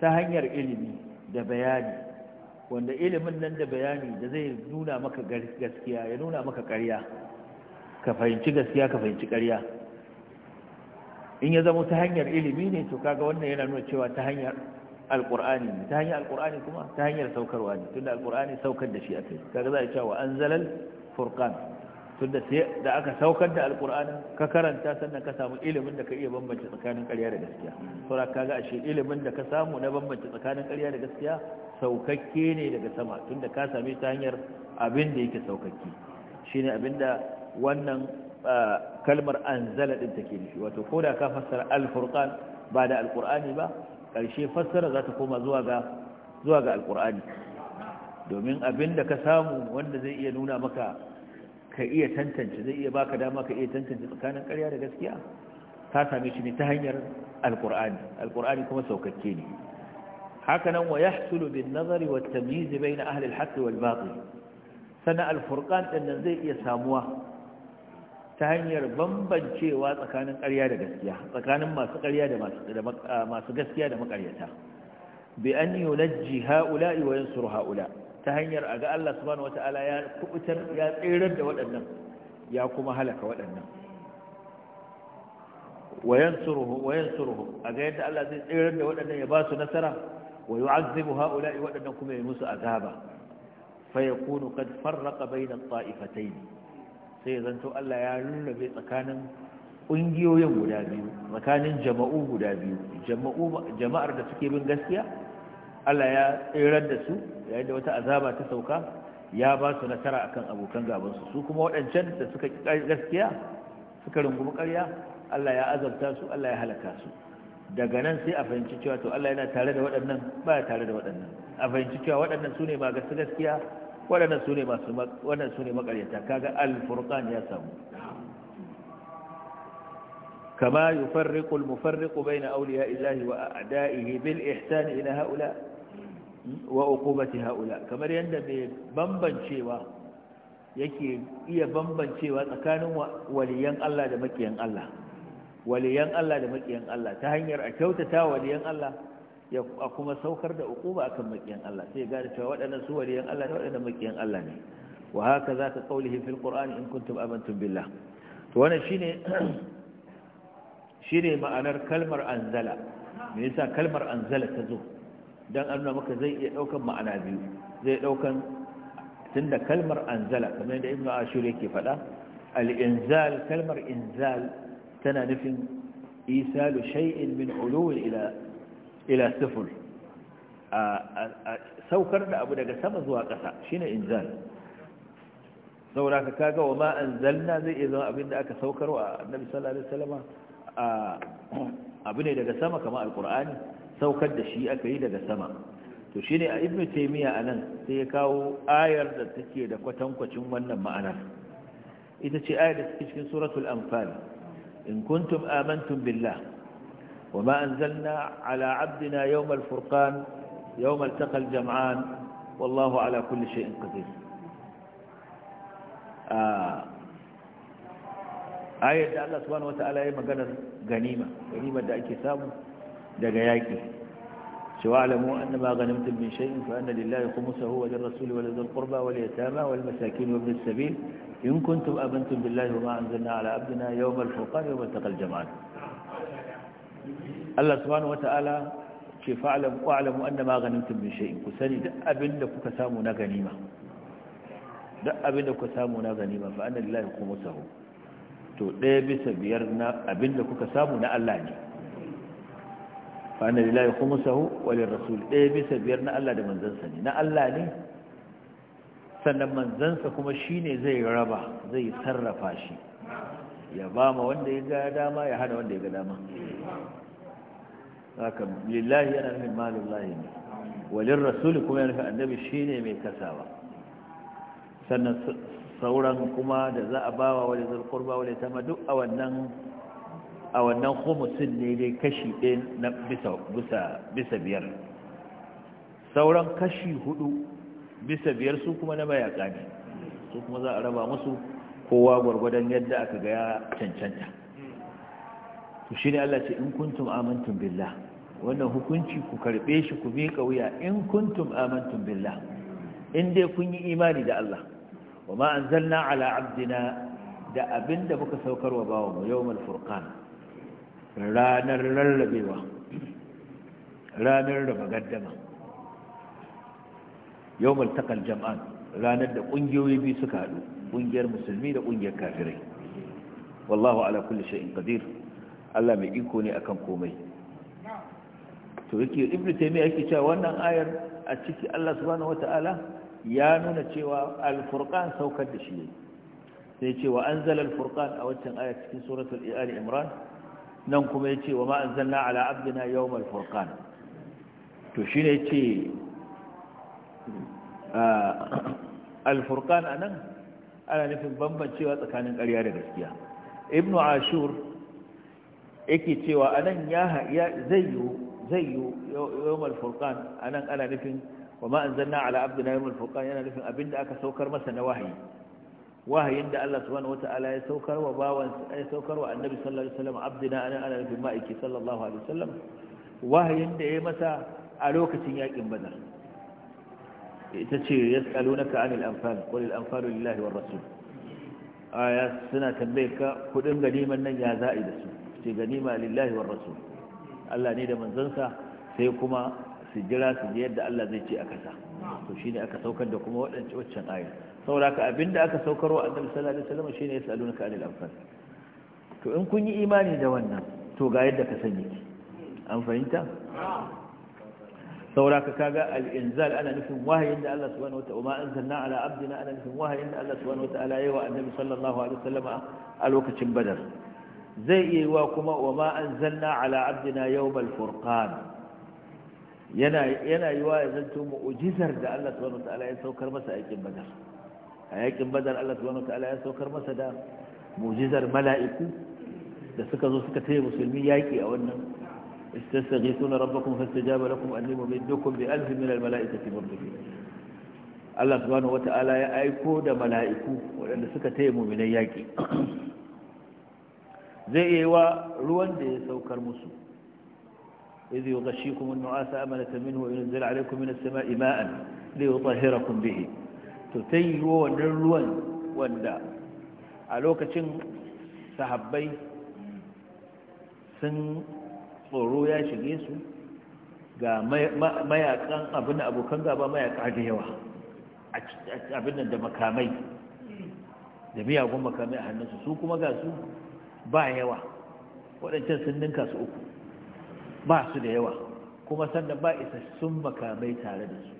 ta hanyar ilimi da bayani wanda ilimin nan da bayani da zai nuna maka gaskiya ya nuna maka ƙarya ka fahimci gaskiya ka fahimci ƙarya in ya zama ta hanyar ilimi ne to kaga wannan yana nuna cewa ta hanyar alƙur'ani ne ta hanyar alƙur'ani kuma ta hanyar saukarwa ne tunda alƙur'ani saukar da shi a kai kaga za a cewa an zalal furqan tunda sai da aka saukar da alƙur'ani ka karanta sannan ka samu ilimin da ka iya bambance tsakanin ƙarya da gaskiya saboda kaga ashe ilimin da ka samu na bambance tsakanin ƙarya da gaskiya saukakke ne daga sama tunda ka same ta hanyar abin da yake saukakke shine abinda wannan ah, kalmar anzala ɗin take nufi wato ko da ka fassara al-furqan ba da al-qur'ani ba Ƙarshe fassara za ta koma zuwa ga zuwa ga al-qur'ani domin abinda ka samu wanda zai iya nuna maka ka iya tantance zai iya baka dama ka iya tantance tsakanin ƙarya da gaskiya ka same shi ne ta hanyar al-qur'ani al-qur'ani kuma saukakke ne hakanan wa yahsulu bin nazari wa tamyiz bayna ahli al-haqq wal sana al-furqan din zai iya samuwa ta hanyar bambancewa tsakanin ƙarya da gaskiya tsakanin masu ƙarya da masu gaskiya da makaryata bi an yunajji ha'ula'i wa yansuru ha'ula ta hanyar a ga Allah subhanahu wata'ala ya kubutar ya tsirar da waɗannan ya kuma halaka waɗannan wa yansuruhu wa a ga yadda Allah zai tsirar da waɗannan ya ba su nasara wa yu'azzibu ha'ula'i waɗannan kuma ya musu azaba fa yakunu qad farraqa bayna at-ta'ifatayn sai zanto Allah ya rurrabe tsakanin ƙungiyoyin guda biyu tsakanin jama'u guda biyu jama'ar da suke bin gaskiya Allah ya tsirar da su yayin da wata azaba ta sauka ya ba su nasara akan abokan gabansu su kuma waɗancan da suka gaskiya suka rungumi ƙarya Allah ya azabta su Allah ya halaka su daga nan sai a fahimci cewa to Allah yana tare da waɗannan ba tare da waɗannan a fahimci cewa waɗannan su ne ba gaskiya waɗannan su ne makaryata kaga al ya samu kama yufarriqu al-mufarriqu bayna awliya illahi wa a'da'ihi bil ihsan ina haula wa uqubati haula kamar yadda mai bambancewa yake iya bambancewa tsakanin waliyan Allah da makiyan Allah waliyan Allah da makiyan Allah ta hanyar a kyautata waliyan Allah a kuma saukar da uquba akan makiyan Allah sai gane cewa waɗannan su waliyan Allah ne waɗannan makiyan Allah ne wa haka za ka qaulihi fil qur'ani in kuntum amantum billah to wannan shine shine ma'anar kalmar anzala me yasa kalmar anzala ta zo dan an maka zai iya daukan ma'ana biyu zai daukan tunda kalmar anzala kamar yadda ibnu ashur yake faɗa al-inzal kalmar inzal tana nufin isalu shay'in min ulul ila ila sifir a saukar da abu daga sama zuwa ƙasa shine inzal Saura ka kaga wa ma anzalna zai iya zama abin da aka saukar wa annabi sallallahu alaihi wasallam abu ne daga sama kamar alkur'ani saukar da shi aka yi daga sama to shine a ibnu taymiya anan sai ya kawo ayar da take da kwatankwacin wannan ma'anar ita ce ayar da take cikin suratul anfal in kuntum amantum billah وما أنزلنا على عبدنا يوم الفرقان يوم التقى الجمعان والله على كل شيء قدير آه آية الله سبحانه وتعالى يما قال غنيمة غنيمة دائك سامو دقياك سواء علموا أن ما غنمت من شيء فأن لله خمسه وللرسول ولذو القربى واليتامى والمساكين وابن السبيل إن كنتم أمنتم بالله وما أنزلنا على عبدنا يوم الفرقان يوم التقى الجمعان Allah subhanahu wata'ala ce fa'alam qa'lamu annama ghanimtum min shay'in ku sani da abinda kuka samu na ganima da abinda kuka samu na ganima fa anna lillahi sahu to daya bisa biyar na abinda kuka samu na Allah ne fa anna lillahi sahu wa lirrasul daya bisa biyar na Allah da manzansa ne na Allah ne sannan manzansa kuma shine zai raba zai sarrafa shi ya ba ma wanda ya ga dama ya hana wanda ya ga dama haka lillahi yana nufin malullahi ne walin rasuli kuma yana nufin annabi ne mai kasawa sannan sauran kuma da za a bawa wani zurkurba wani tama duk a wannan a wannan humusin ne dai kashi ɗaya na bisa biyar sauran kashi hudu bisa biyar su kuma na mayaka ne su kuma za a raba musu kowa gwargwadon yadda aka gaya cancanta to shine Allah ce in kuntum amantum billah wannan hukunci ku karbe shi ku miƙa wuya in kuntum amantum billah in dai kun yi imani da Allah wa ma anzalna ala abdina da abinda muka saukarwa bawa mu yawmal furqan ranar rarrabewa ranar raba gaddama yawmal taqal jam'an ranar da kungiyoyi biyu suka haɗu, kungiyar musulmi da kungiyar kafirai wallahu ala kulli shay'in qadir Allah mai iko ne akan komai to yake ibnu taymiya yake cewa wannan ayar a ciki Allah subhanahu wataala ya nuna cewa al-furqan saukar da shi sai ce wa anzala al-furqan a waccan ayar cikin suratul ali imran nan kuma ce wa ma anzalna ala abdina yawmal furqan to shine yace al-furqan anan ana nufin bambancewa tsakanin ƙarya da gaskiya ibnu ashur yake cewa anan ya zai yi yawmal furqan anan ana nufin wa ma anzalna ala abdina yawmal furqan yana nufin abinda aka saukar masa na wahayi wahayin da Allah subhanahu wata'ala ya saukar wa bawan ya saukar wa annabi sallallahu alaihi wasallam abdina anan ana nufin ma'aiki sallallahu alaihi wasallam wahayin da ya masa a lokacin yakin badar ita ce yas'alunaka anil anfal qul al anfalu lillahi war rasul aya suna tambayar ka kudin ganiman nan ya za'i da su ce ganima lillahi war rasul Allah ne da manzansa sai kuma su jira su ji yadda Allah zai ce a kasa to shine aka saukar da kuma waɗancan waccan ayat saboda haka abinda aka saukarwa annabi sallallahu alaihi wasallam shine yasalunaka anil anfal to in kun yi imani da wannan to ga yadda ka sani an fahimta saboda ka kaga al-inzal ana nufin wahayin da Allah subhanahu wataala ma anzalna ala abdina ana nufin wahayin da Allah subhanahu wataala yayi yawa annabi sallallahu alaihi wasallama a lokacin badar zai iya wa kuma wa ma anzalna ala abdina yana yiwa ya zanto mu'ujizar da Allah subhanahu ya saukar masa a badar a yakin badar Allah subhanahu ya saukar masa da mu'ujizar mala'iku da suka zo suka taya musulmi yaki a wannan aiko da mala'iku taya yaki zai iya wa ruwan da ya saukar musu idh yughashshikum an-nu'asa amanatan minhu wa yunzil 'alaykum min as-sama'i ma'an liyutahhirakum bihi to wa wannan ruwan wanda a lokacin sahabbai sun tsoro ya shige su ga mayakan abin abokan gaba mayaka da yawa abin da makamai da miyagun makamai a hannunsu su kuma ga su ba yawa waɗancan sun ninka su uku ba su da yawa kuma sannan ba isassun makamai tare da su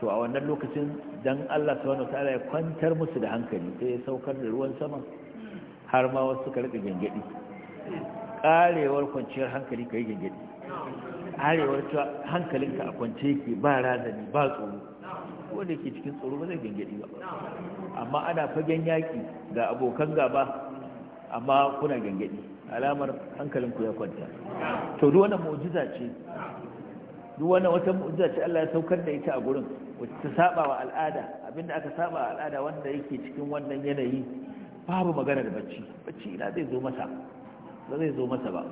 to a wannan lokacin don Allah subhanahu wataala ya kwantar musu da hankali sai ya saukar da ruwan sama har ma wasu suka rika gangadi karewar kwanciyar hankali yi gangadi arewar cewa hankalinka a kwance yake ba razani ba tsoro wanda ke cikin tsoro ba zai gangadi ba amma ana fagen yaƙi ga abokan gaba amma kuna gangadi alamar hankalinku ya kwanta to duk wannan mu'jiza ce duk wannan wata mu'jiza ce Allah ya saukar da ita a gurin wacce ta saba wa al'ada abinda aka saba wa al'ada wanda yake cikin wannan yanayi babu magana da bacci bacci ina zai zo masa ba zai zo masa ba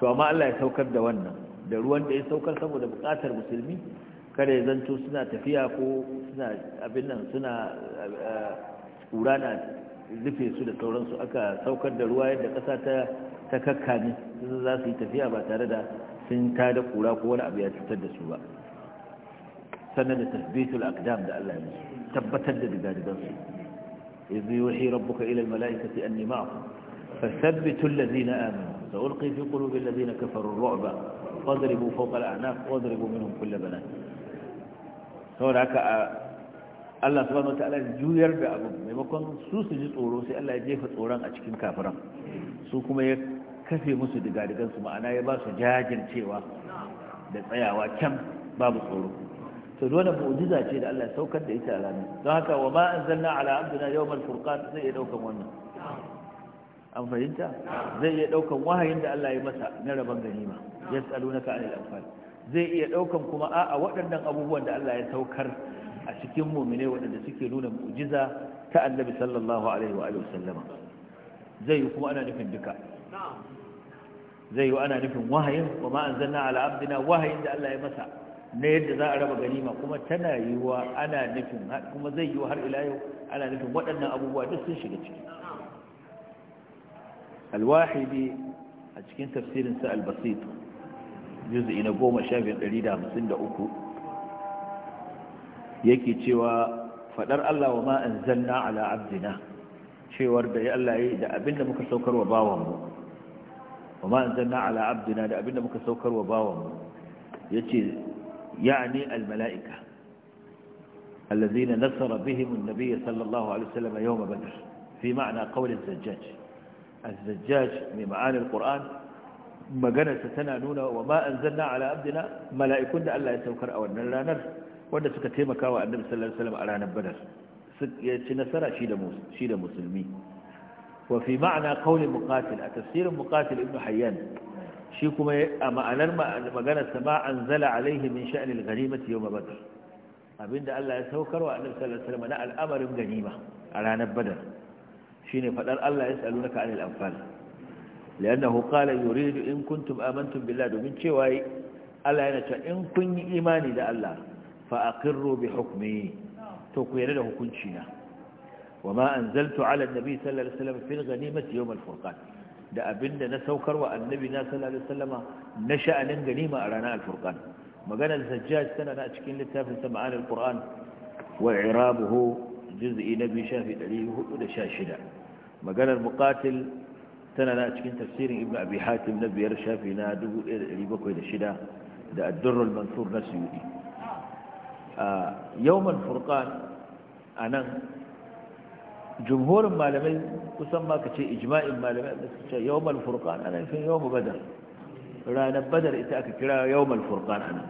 to amma Allah ya saukar da wannan da ruwan da ya saukar saboda bukatar musulmi kada ya zanto suna tafiya ko suna abin nan suna eh, ƙura na rufe su da sauransu aka saukar da ruwa yadda ƙasa ta ta kakkani su za su yi tafiya ba tare da sun ta da kura ko wani abu ya cutar da su ba sannan da tasbitul aqdam da Allah ya tabbatar da digadigan su iz yuhi rabbuka ila almalaikati anni ma'akum fasabbitu allazina amanu sa'ulqi fi qulubi allazina kafaru ar-ru'ba fadribu fawqa al-a'naq wadribu minhum kull banan saboda haka Allah subhanahu wataala juyar da abu maimakon su su ji tsoro sai Allah ya jefa tsoron a cikin kafiran su kuma ya kafe musu diga su ma'ana ya ba su jajircewa da tsayawa kyam babu tsoro to dole mu'jiza ce da Allah saukar da ita a don haka wa ma anzalna ala abdina yawmal furqan zai iya daukan wannan an fahimta zai iya daukan wahayin da Allah ya masa na rabon ganima yas'alunaka anil anfal zai iya daukan kuma a waɗannan abubuwan da Allah ya saukar a cikin mu'mine waɗanda suke nuna mu'jiza ta annabi sallallahu alaihi wa alihi wasallama zai yi kuma ana nufin duka zai yi ana nufin wahayin wa ma anzalna ala abdina wahayin da Allah ya masa na yadda za a raba ganima kuma tana yiwa ana nufin kuma zai yiwa har ila yau ana nufin waɗannan abubuwa duk sun shiga ciki alwahidi a cikin tafsirin sa al-basit juz'i na 10 shafin uku. yake cewa fadar Allah wa ma anzalna ala abdina cewar da ya Allah yi da abinda muka saukar wa bawanmu wa ma anzalna ala abdina da abinda muka saukar wa bawanmu yace yani al malaika allazina nasara bihim an-nabiy sallallahu alaihi wasallam yawm badr fi ma'na qawl az-zajjaj az-zajjaj min ma'ani al-quran maganarsa tana nuna wa ma anzalna ala abdina mala'ikun da Allah ya saukar a wannan ranar wanda suka taimaka wa annabi sallallahu alaihi wasallam a ranar badar ya ci nasara shi da musulmi wa fi ma'ana qawli muqatil a tafsirin muqatil ibn hayyan shi kuma a ma'anar maganar sa ma anzala alaihi min sha'ni al-ghanimati yawm badr abinda Allah ya saukar wa annabi sallallahu alaihi wasallam na al'amarin ganima a ranar badar shine fadar Allah ya salunaka anil anfal لأنه قال يريد إن كنتم آمنتم بالله domin cewa Allah yana cewa in kun yi imani da Allah fa aqirru bi hukmi to ku yarda da hukunci na wa ma anzaltu ala annabi sallallahu alaihi wasallam fil ghanimati yawm al furqan da abinda na saukar wa annabi na sallallahu alaihi wasallama na sha'anin ganima a ranar alfurkan. furqan maganar sajjaj tana na cikin littafin sa ma'an al qur'an wa i'rabuhu juz'i nabi shafi 416 maganar muqatil tana na cikin tafsirin ibn abi hatim na biyar shafi na 1706 da ad-durr al-mansur na suyuti yawmal a nan, jumhurin malamai kusan ma kace ijma'in malamai da suke yawmal a nan, sai yawm badar ranar badar ita aka kira yawmal a nan,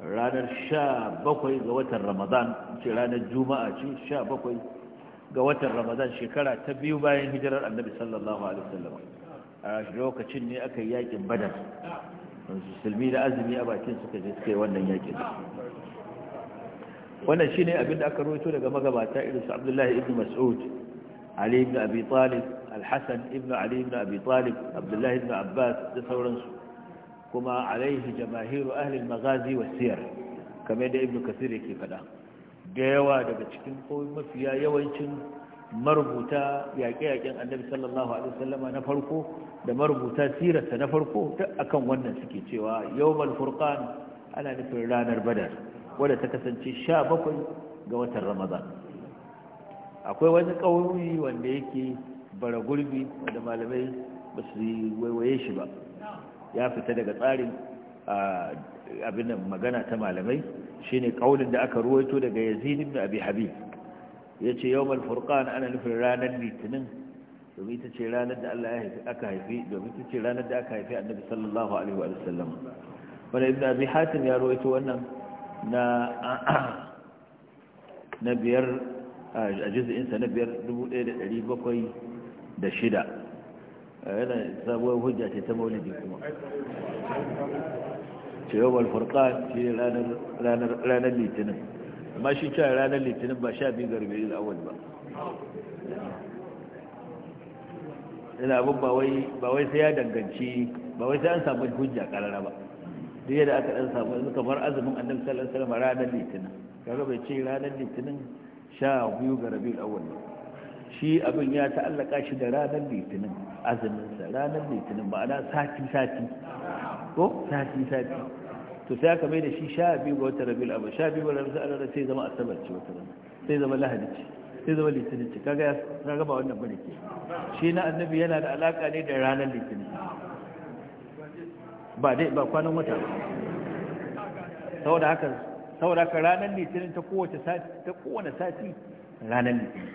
ranar 17 ga watan ramadan ce ranar juma'a ce 17 ga watan ramadan shekara ta biyu bayan hijirar annabi sallallahu alaihi wasallam a lokacin ne aka yi yakin badar musulmi da azumi a bakin suka je suka yi wannan yakin wannan shine abin da aka rawaito daga magabata irin su Abdullahi ibn Mas'ud Ali ibn Abi Talib Al-Hasan ibn Ali ibn Abi Talib Abdullahi ibn Abbas da sauransu kuma alaihi jamahiru ahli al-maghazi was-siyar kamar da Ibn Kathir yake faɗa da yawa daga cikin ko mafiya yawancin marubuta yaƙe-yaƙen Annabi sallallahu alaihi wasallama na farko da marubuta sirarsa na farko akan wannan suke cewa yawmal furqan ana nufin ranar badar wadda ta kasance sha bakwai ga watan ramadan akwai wani ƙauri wanda yake bara gurbi wanda malamai ba su waiwaye shi ba ya fita daga tsarin abin magana ta malamai shine ƙaunin da aka ruwaito daga yazid ibn abi habib ya ce yau malfurkan ana nufin ranar litinin domin ita ce ranar da Allah aka haifi domin ita ce ranar da aka haifi annabi sallallahu alaihi wa sallam wanda ibn abi hatim ya ruwaito wannan na na biyar a juz'insa na biyar dubu ɗaya da ɗari bakwai da shida yana sabuwar hujja ce ta maulidi kuma ce yawon alfarka shi ranar litinin amma shi cewa ranar litinin ba sha biyu garbe rubin awal ba ina abin ba wai sai ya danganci ba wai sai an samu hujja ƙarara ba duk da aka ɗan samu yanzu kamar azumin annabi sallallahu alaihi wasallam ranar litinin kaga bai ce ranar litinin sha biyu ga rabiul awwal shi abin ya ta'allaka shi da ranar litinin azumin sa ranar litinin ba ma'ana sati sati ko sati sati to sai aka mai da shi sha biyu ga wata rabiul awwal sha biyu ga rabiul awwal sai zama asabar ce wata rana sai zama lahadi ce sai zama litinin ce kaga ya kaga ba wannan bane ke shi na annabi yana da alaka ne da ranar litinin ba dai ba kwanan wata saboda haka saboda haka ranar litinin ta kowace sati ta kowane sati ranar litinin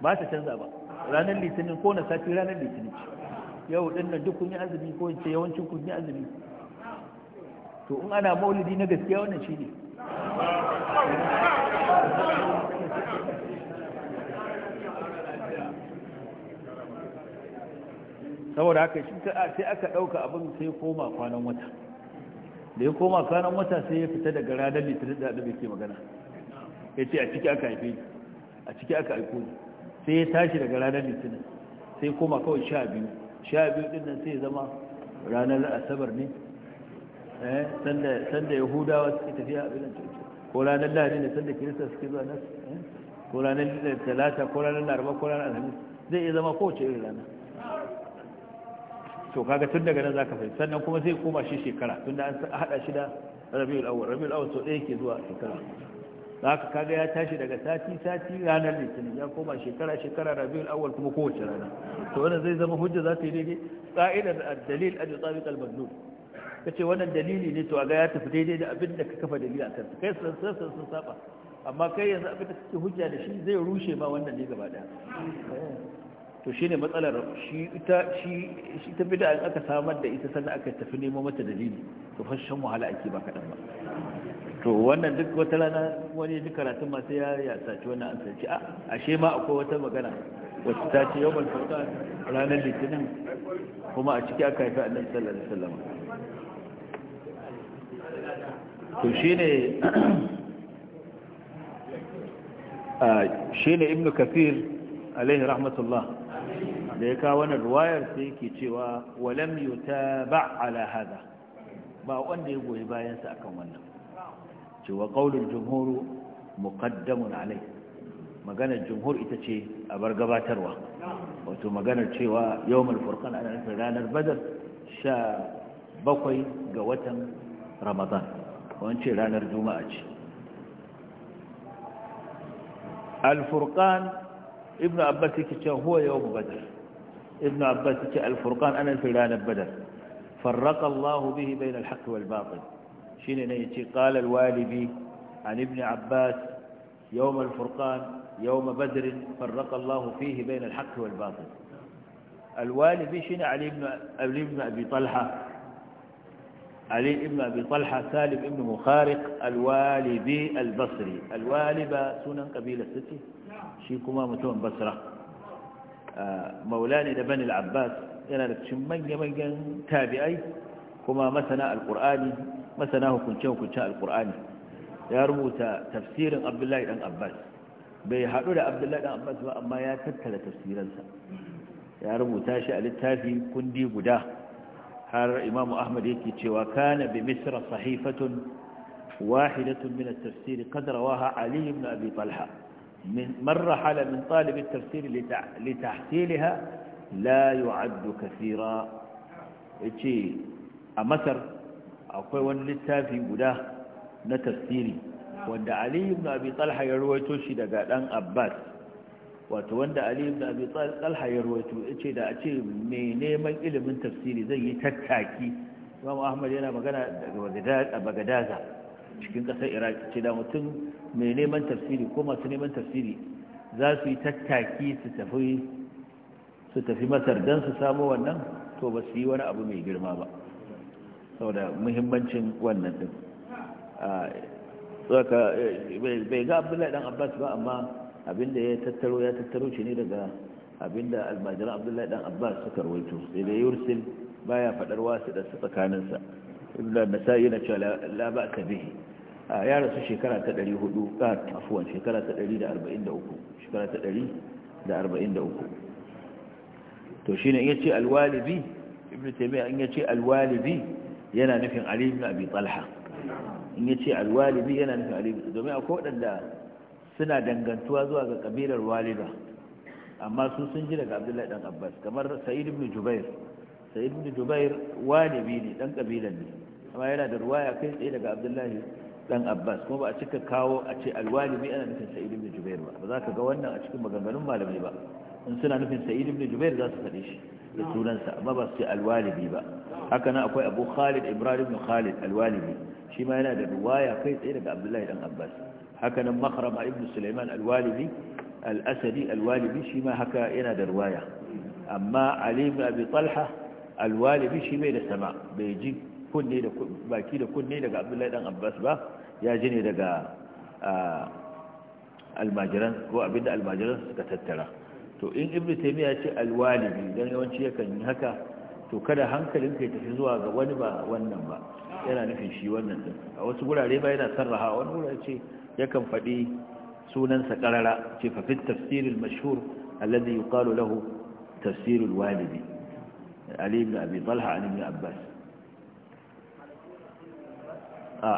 ba ta canza ba ranar litinin kowane sati ranar litinin yau din nan duk kun yi azumi ko in yawancin kun yi azumi to in ana maulidi na gaskiya wannan shine saboda haka shi sai aka ɗauka abin sai koma kwanan wata da ya koma kwanan wata sai ya fita daga ranar litinin da annabi ke magana ya ce a ciki aka haife a ciki aka aiko sai ya tashi daga ranar litinin sai koma kawai sha biyu sha biyu din nan sai ya zama ranar asabar ne eh, sanda yahudawa suke tafiya a birnin turki ko ranar lahadi ne sanda kirista suke zuwa nasu eh? ko ranar talata ko ranar laraba ko ranar alhamis zai iya zama kowace irin rana to kaga tun daga nan zaka fahimci sannan kuma sai koma shi shekara tunda an hada shi da rabiul awwal rabiul awwal so ɗaya yake zuwa shekara haka kaga ya tashi daga sati sati ranar litinin ya koma shekara shekara rabiul awwal kuma kowace rana to wannan zai zama hujja za ta yi daidai qa'idar dalil an yutabiq al madlul kace wannan dalili ne to a ga ya tafi daidai da abin da ka kafa dalili a kansa kai sun san san saba amma kai yanzu abin da kake hujja da shi zai rushe ba wannan ne gaba daya to shi ne matsalar shi ta bida in aka samar da ita sannan aka tafi nemo mata dalili to fashin wahala ake ba kaɗan ba to wannan duk wata rana wani duk karatun masu ya yasaci wannan an sarci a ah, ashe ma akwai wata magana wacce ta ce yawan farka ranar litinin kuma a ciki aka haifi annabi sallar alaihi wasallam to shine shine ibnu kafir alaihi rahmatullah da ya kawo wannan ruwayar sai yake cewa walam yutaba ala hada ba wanda ya goyi bayansa sa akan wannan cewa qaulul jumhur muqaddamun alai maganar jumhur ita ce a bar gabatarwa wato maganar cewa yawmul furqan ana nufin ranar badar sha bakwai ga watan ramadan wance ranar juma'a ce al-furqan ابن عباسك هو يوم بدر ابن عباسك الفرقان أنا الفلان بدر فرق الله به بين الحق والباطل شين نيتي قال الوالبي عن ابن عباس يوم الفرقان يوم بدر فرق الله فيه بين الحق والباطل الوالبي شين علي ابن أبي طلحة علي بن أبي طلحة سالم بن مخارق الوالبي البصري الوالبة سنن قبيلة ستي شيكما متون بصرة مولاني لبني العباس yana da cikin manya-manyan tabi'ai kuma masana alkur'ani masana hukunce-hukuncen alkur'ani ya rubuta tafsirin abdullahi dan abbas bai haɗu da abdullahi dan abbas ba amma ya tattara tafsiransa ya rubuta shi a littafi kundi guda har imamu ahmad yake cewa kana bi misra sahifatun wahidatun min at-tafsir qad rawaha ali ibn abi talha min marhala min talib at-tafsir li tahsilha la yu'addu kathira yace a masar akwai wani littafi guda na tafsiri wanda ali ibn abi talha ya ruwaito shi daga dan abbas wato wanda ali ibn abi talha ya rawaito yace da a ce mai neman ilimin tafsiri zai yi tattaki imam ahmad yana magana daga bagadaza cikin kasar iraq ce da mutum mai neman tafsiri ko masu neman tafsiri za su yi tattaki su tafi su tafi masar don su samu wannan to ba su yi wani abu mai girma ba saboda muhimmancin wannan din ah, eh, bai ga abdullahi dan abbas ba amma abinda ya tattaro ya tattaro shi ne daga abinda almajiran abdullahi dan abbas suka rawaito sai da yursil baya fadar wasu da su tsakaninsa ibnu nasa'i na cewa la ba ka bihi ya rasu shekara ta 400 ka afwan shekara ta 143 shekara ta 143 to shine in yace alwalidi ibnu taymiya in yace alwalidi yana nufin ali ibn abi talha in yace alwalidi yana nufin ali domin akwai wadanda suna dangantuwa zuwa ga kabilar walida amma su sun ji daga abdullahi dan abbas kamar sa'id ibn jubair sa'id ibn jubair walibi ne dan kabilar ne amma yana da ruwaya kai tsaye daga abdullahi dan abbas kuma ba a cika kawo a ce alwalibi ana nufin sa'id ibn jubair ba ba za ka ga wannan a cikin maganganun malamai ba in suna nufin sa'id ibn jubair za su faɗe shi da sunansa amma ba su ce alwalibi ba haka nan akwai abu khalid ibrahim ibn khalid alwalibi shi ma yana da ruwaya kai tsaye daga abdullahi dan abbas haka nan makarama ibn sulaiman alwalibi al'asadi alwalibi shi ma haka yana da ruwaya amma alim abi talha alwalibi shi bai da sama bai ji kunne da baki da kunne daga abdullahi dan abbas ba ya ji ne daga almajiran ko abinda almajiran suka tattara to in ibn taymiya ce alwalibi dan yawanci yakan yi haka to kada hankalin kai tafi zuwa ga wani ba wannan ba yana nufin shi wannan a wasu ba yana sarraha wani gurare ce yakan faɗi sunansa ƙarara ce fafin tafsirin mashhur alladhi yuqalu lahu tafsirul walidi ali ibn abi talha ali ibn abbas a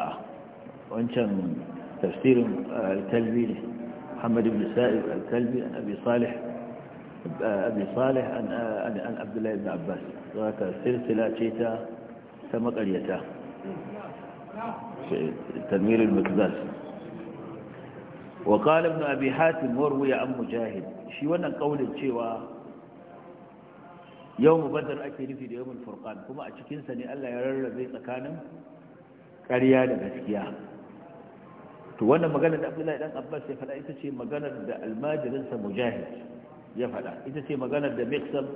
wancan tafsirin al-kalbi ne muhammad ibn sa'id al-kalbi an abi salih abi salih an an abdullah ibn abbas zaka silsila ce ta ta makaryata تنوير المكباس wa qala ibn abi hatim warwi an mujahid shi wannan ƙaunin cewa yawm badr ake nufi da yawon furqan kuma a cikinsa ne Allah ya rarrabe tsakanin ƙarya da gaskiya to wannan maganar da Abdullahi ɗan Abbas ya faɗa ita ce maganar da almajirinsa sa mujahid ya faɗa ita ce maganar da miqsam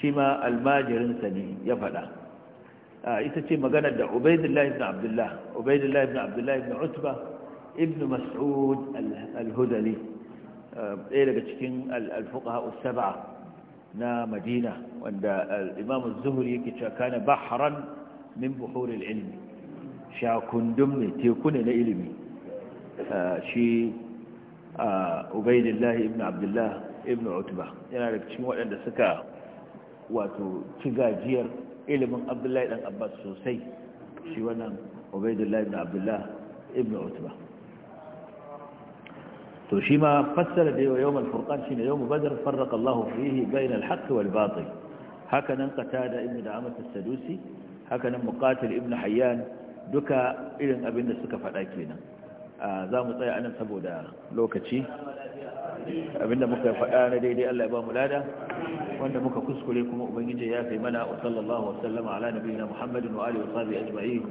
shi ma almajirin ne ya faɗa ita ce maganar da Ubaidullah ibn Abdullah Ubaidullah ibn Abdullahi ibn Utba ibn mas'ud al-hudali eh, ɗaya daga cikin al-fuqaha as na madina wanda imam az-zuhri yake cewa kana bahran min buhur al-ilm shakundum ne teku ne na ilimi eh, shi eh, ubaydillah ibn abdullah ibn utba yana daga cikin waɗanda suka wato ci gajiyar ilimin abdullahi ɗan abbas sosai shi wannan ubaydillah ibn abdullah ibn utba to shi ma fassara da yawmal furqan shine yawm bazar farraqa Allah fihi bayna al-haqq wal batil haka nan qatada ibn da'amat as-sadusi haka nan muqatil ibn hayyan duka irin abin da suka faɗa kenan za mu tsaya anan saboda lokaci abinda muka faɗa na daidai Allah ya ba mu lada wanda muka kuskure kuma ubangiji ya fi mana wa sallallahu wa sallama ala nabiyina Muhammadin wa alihi wa sahbihi ajma'in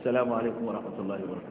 assalamu alaikum wa rahmatullahi wa barakatuh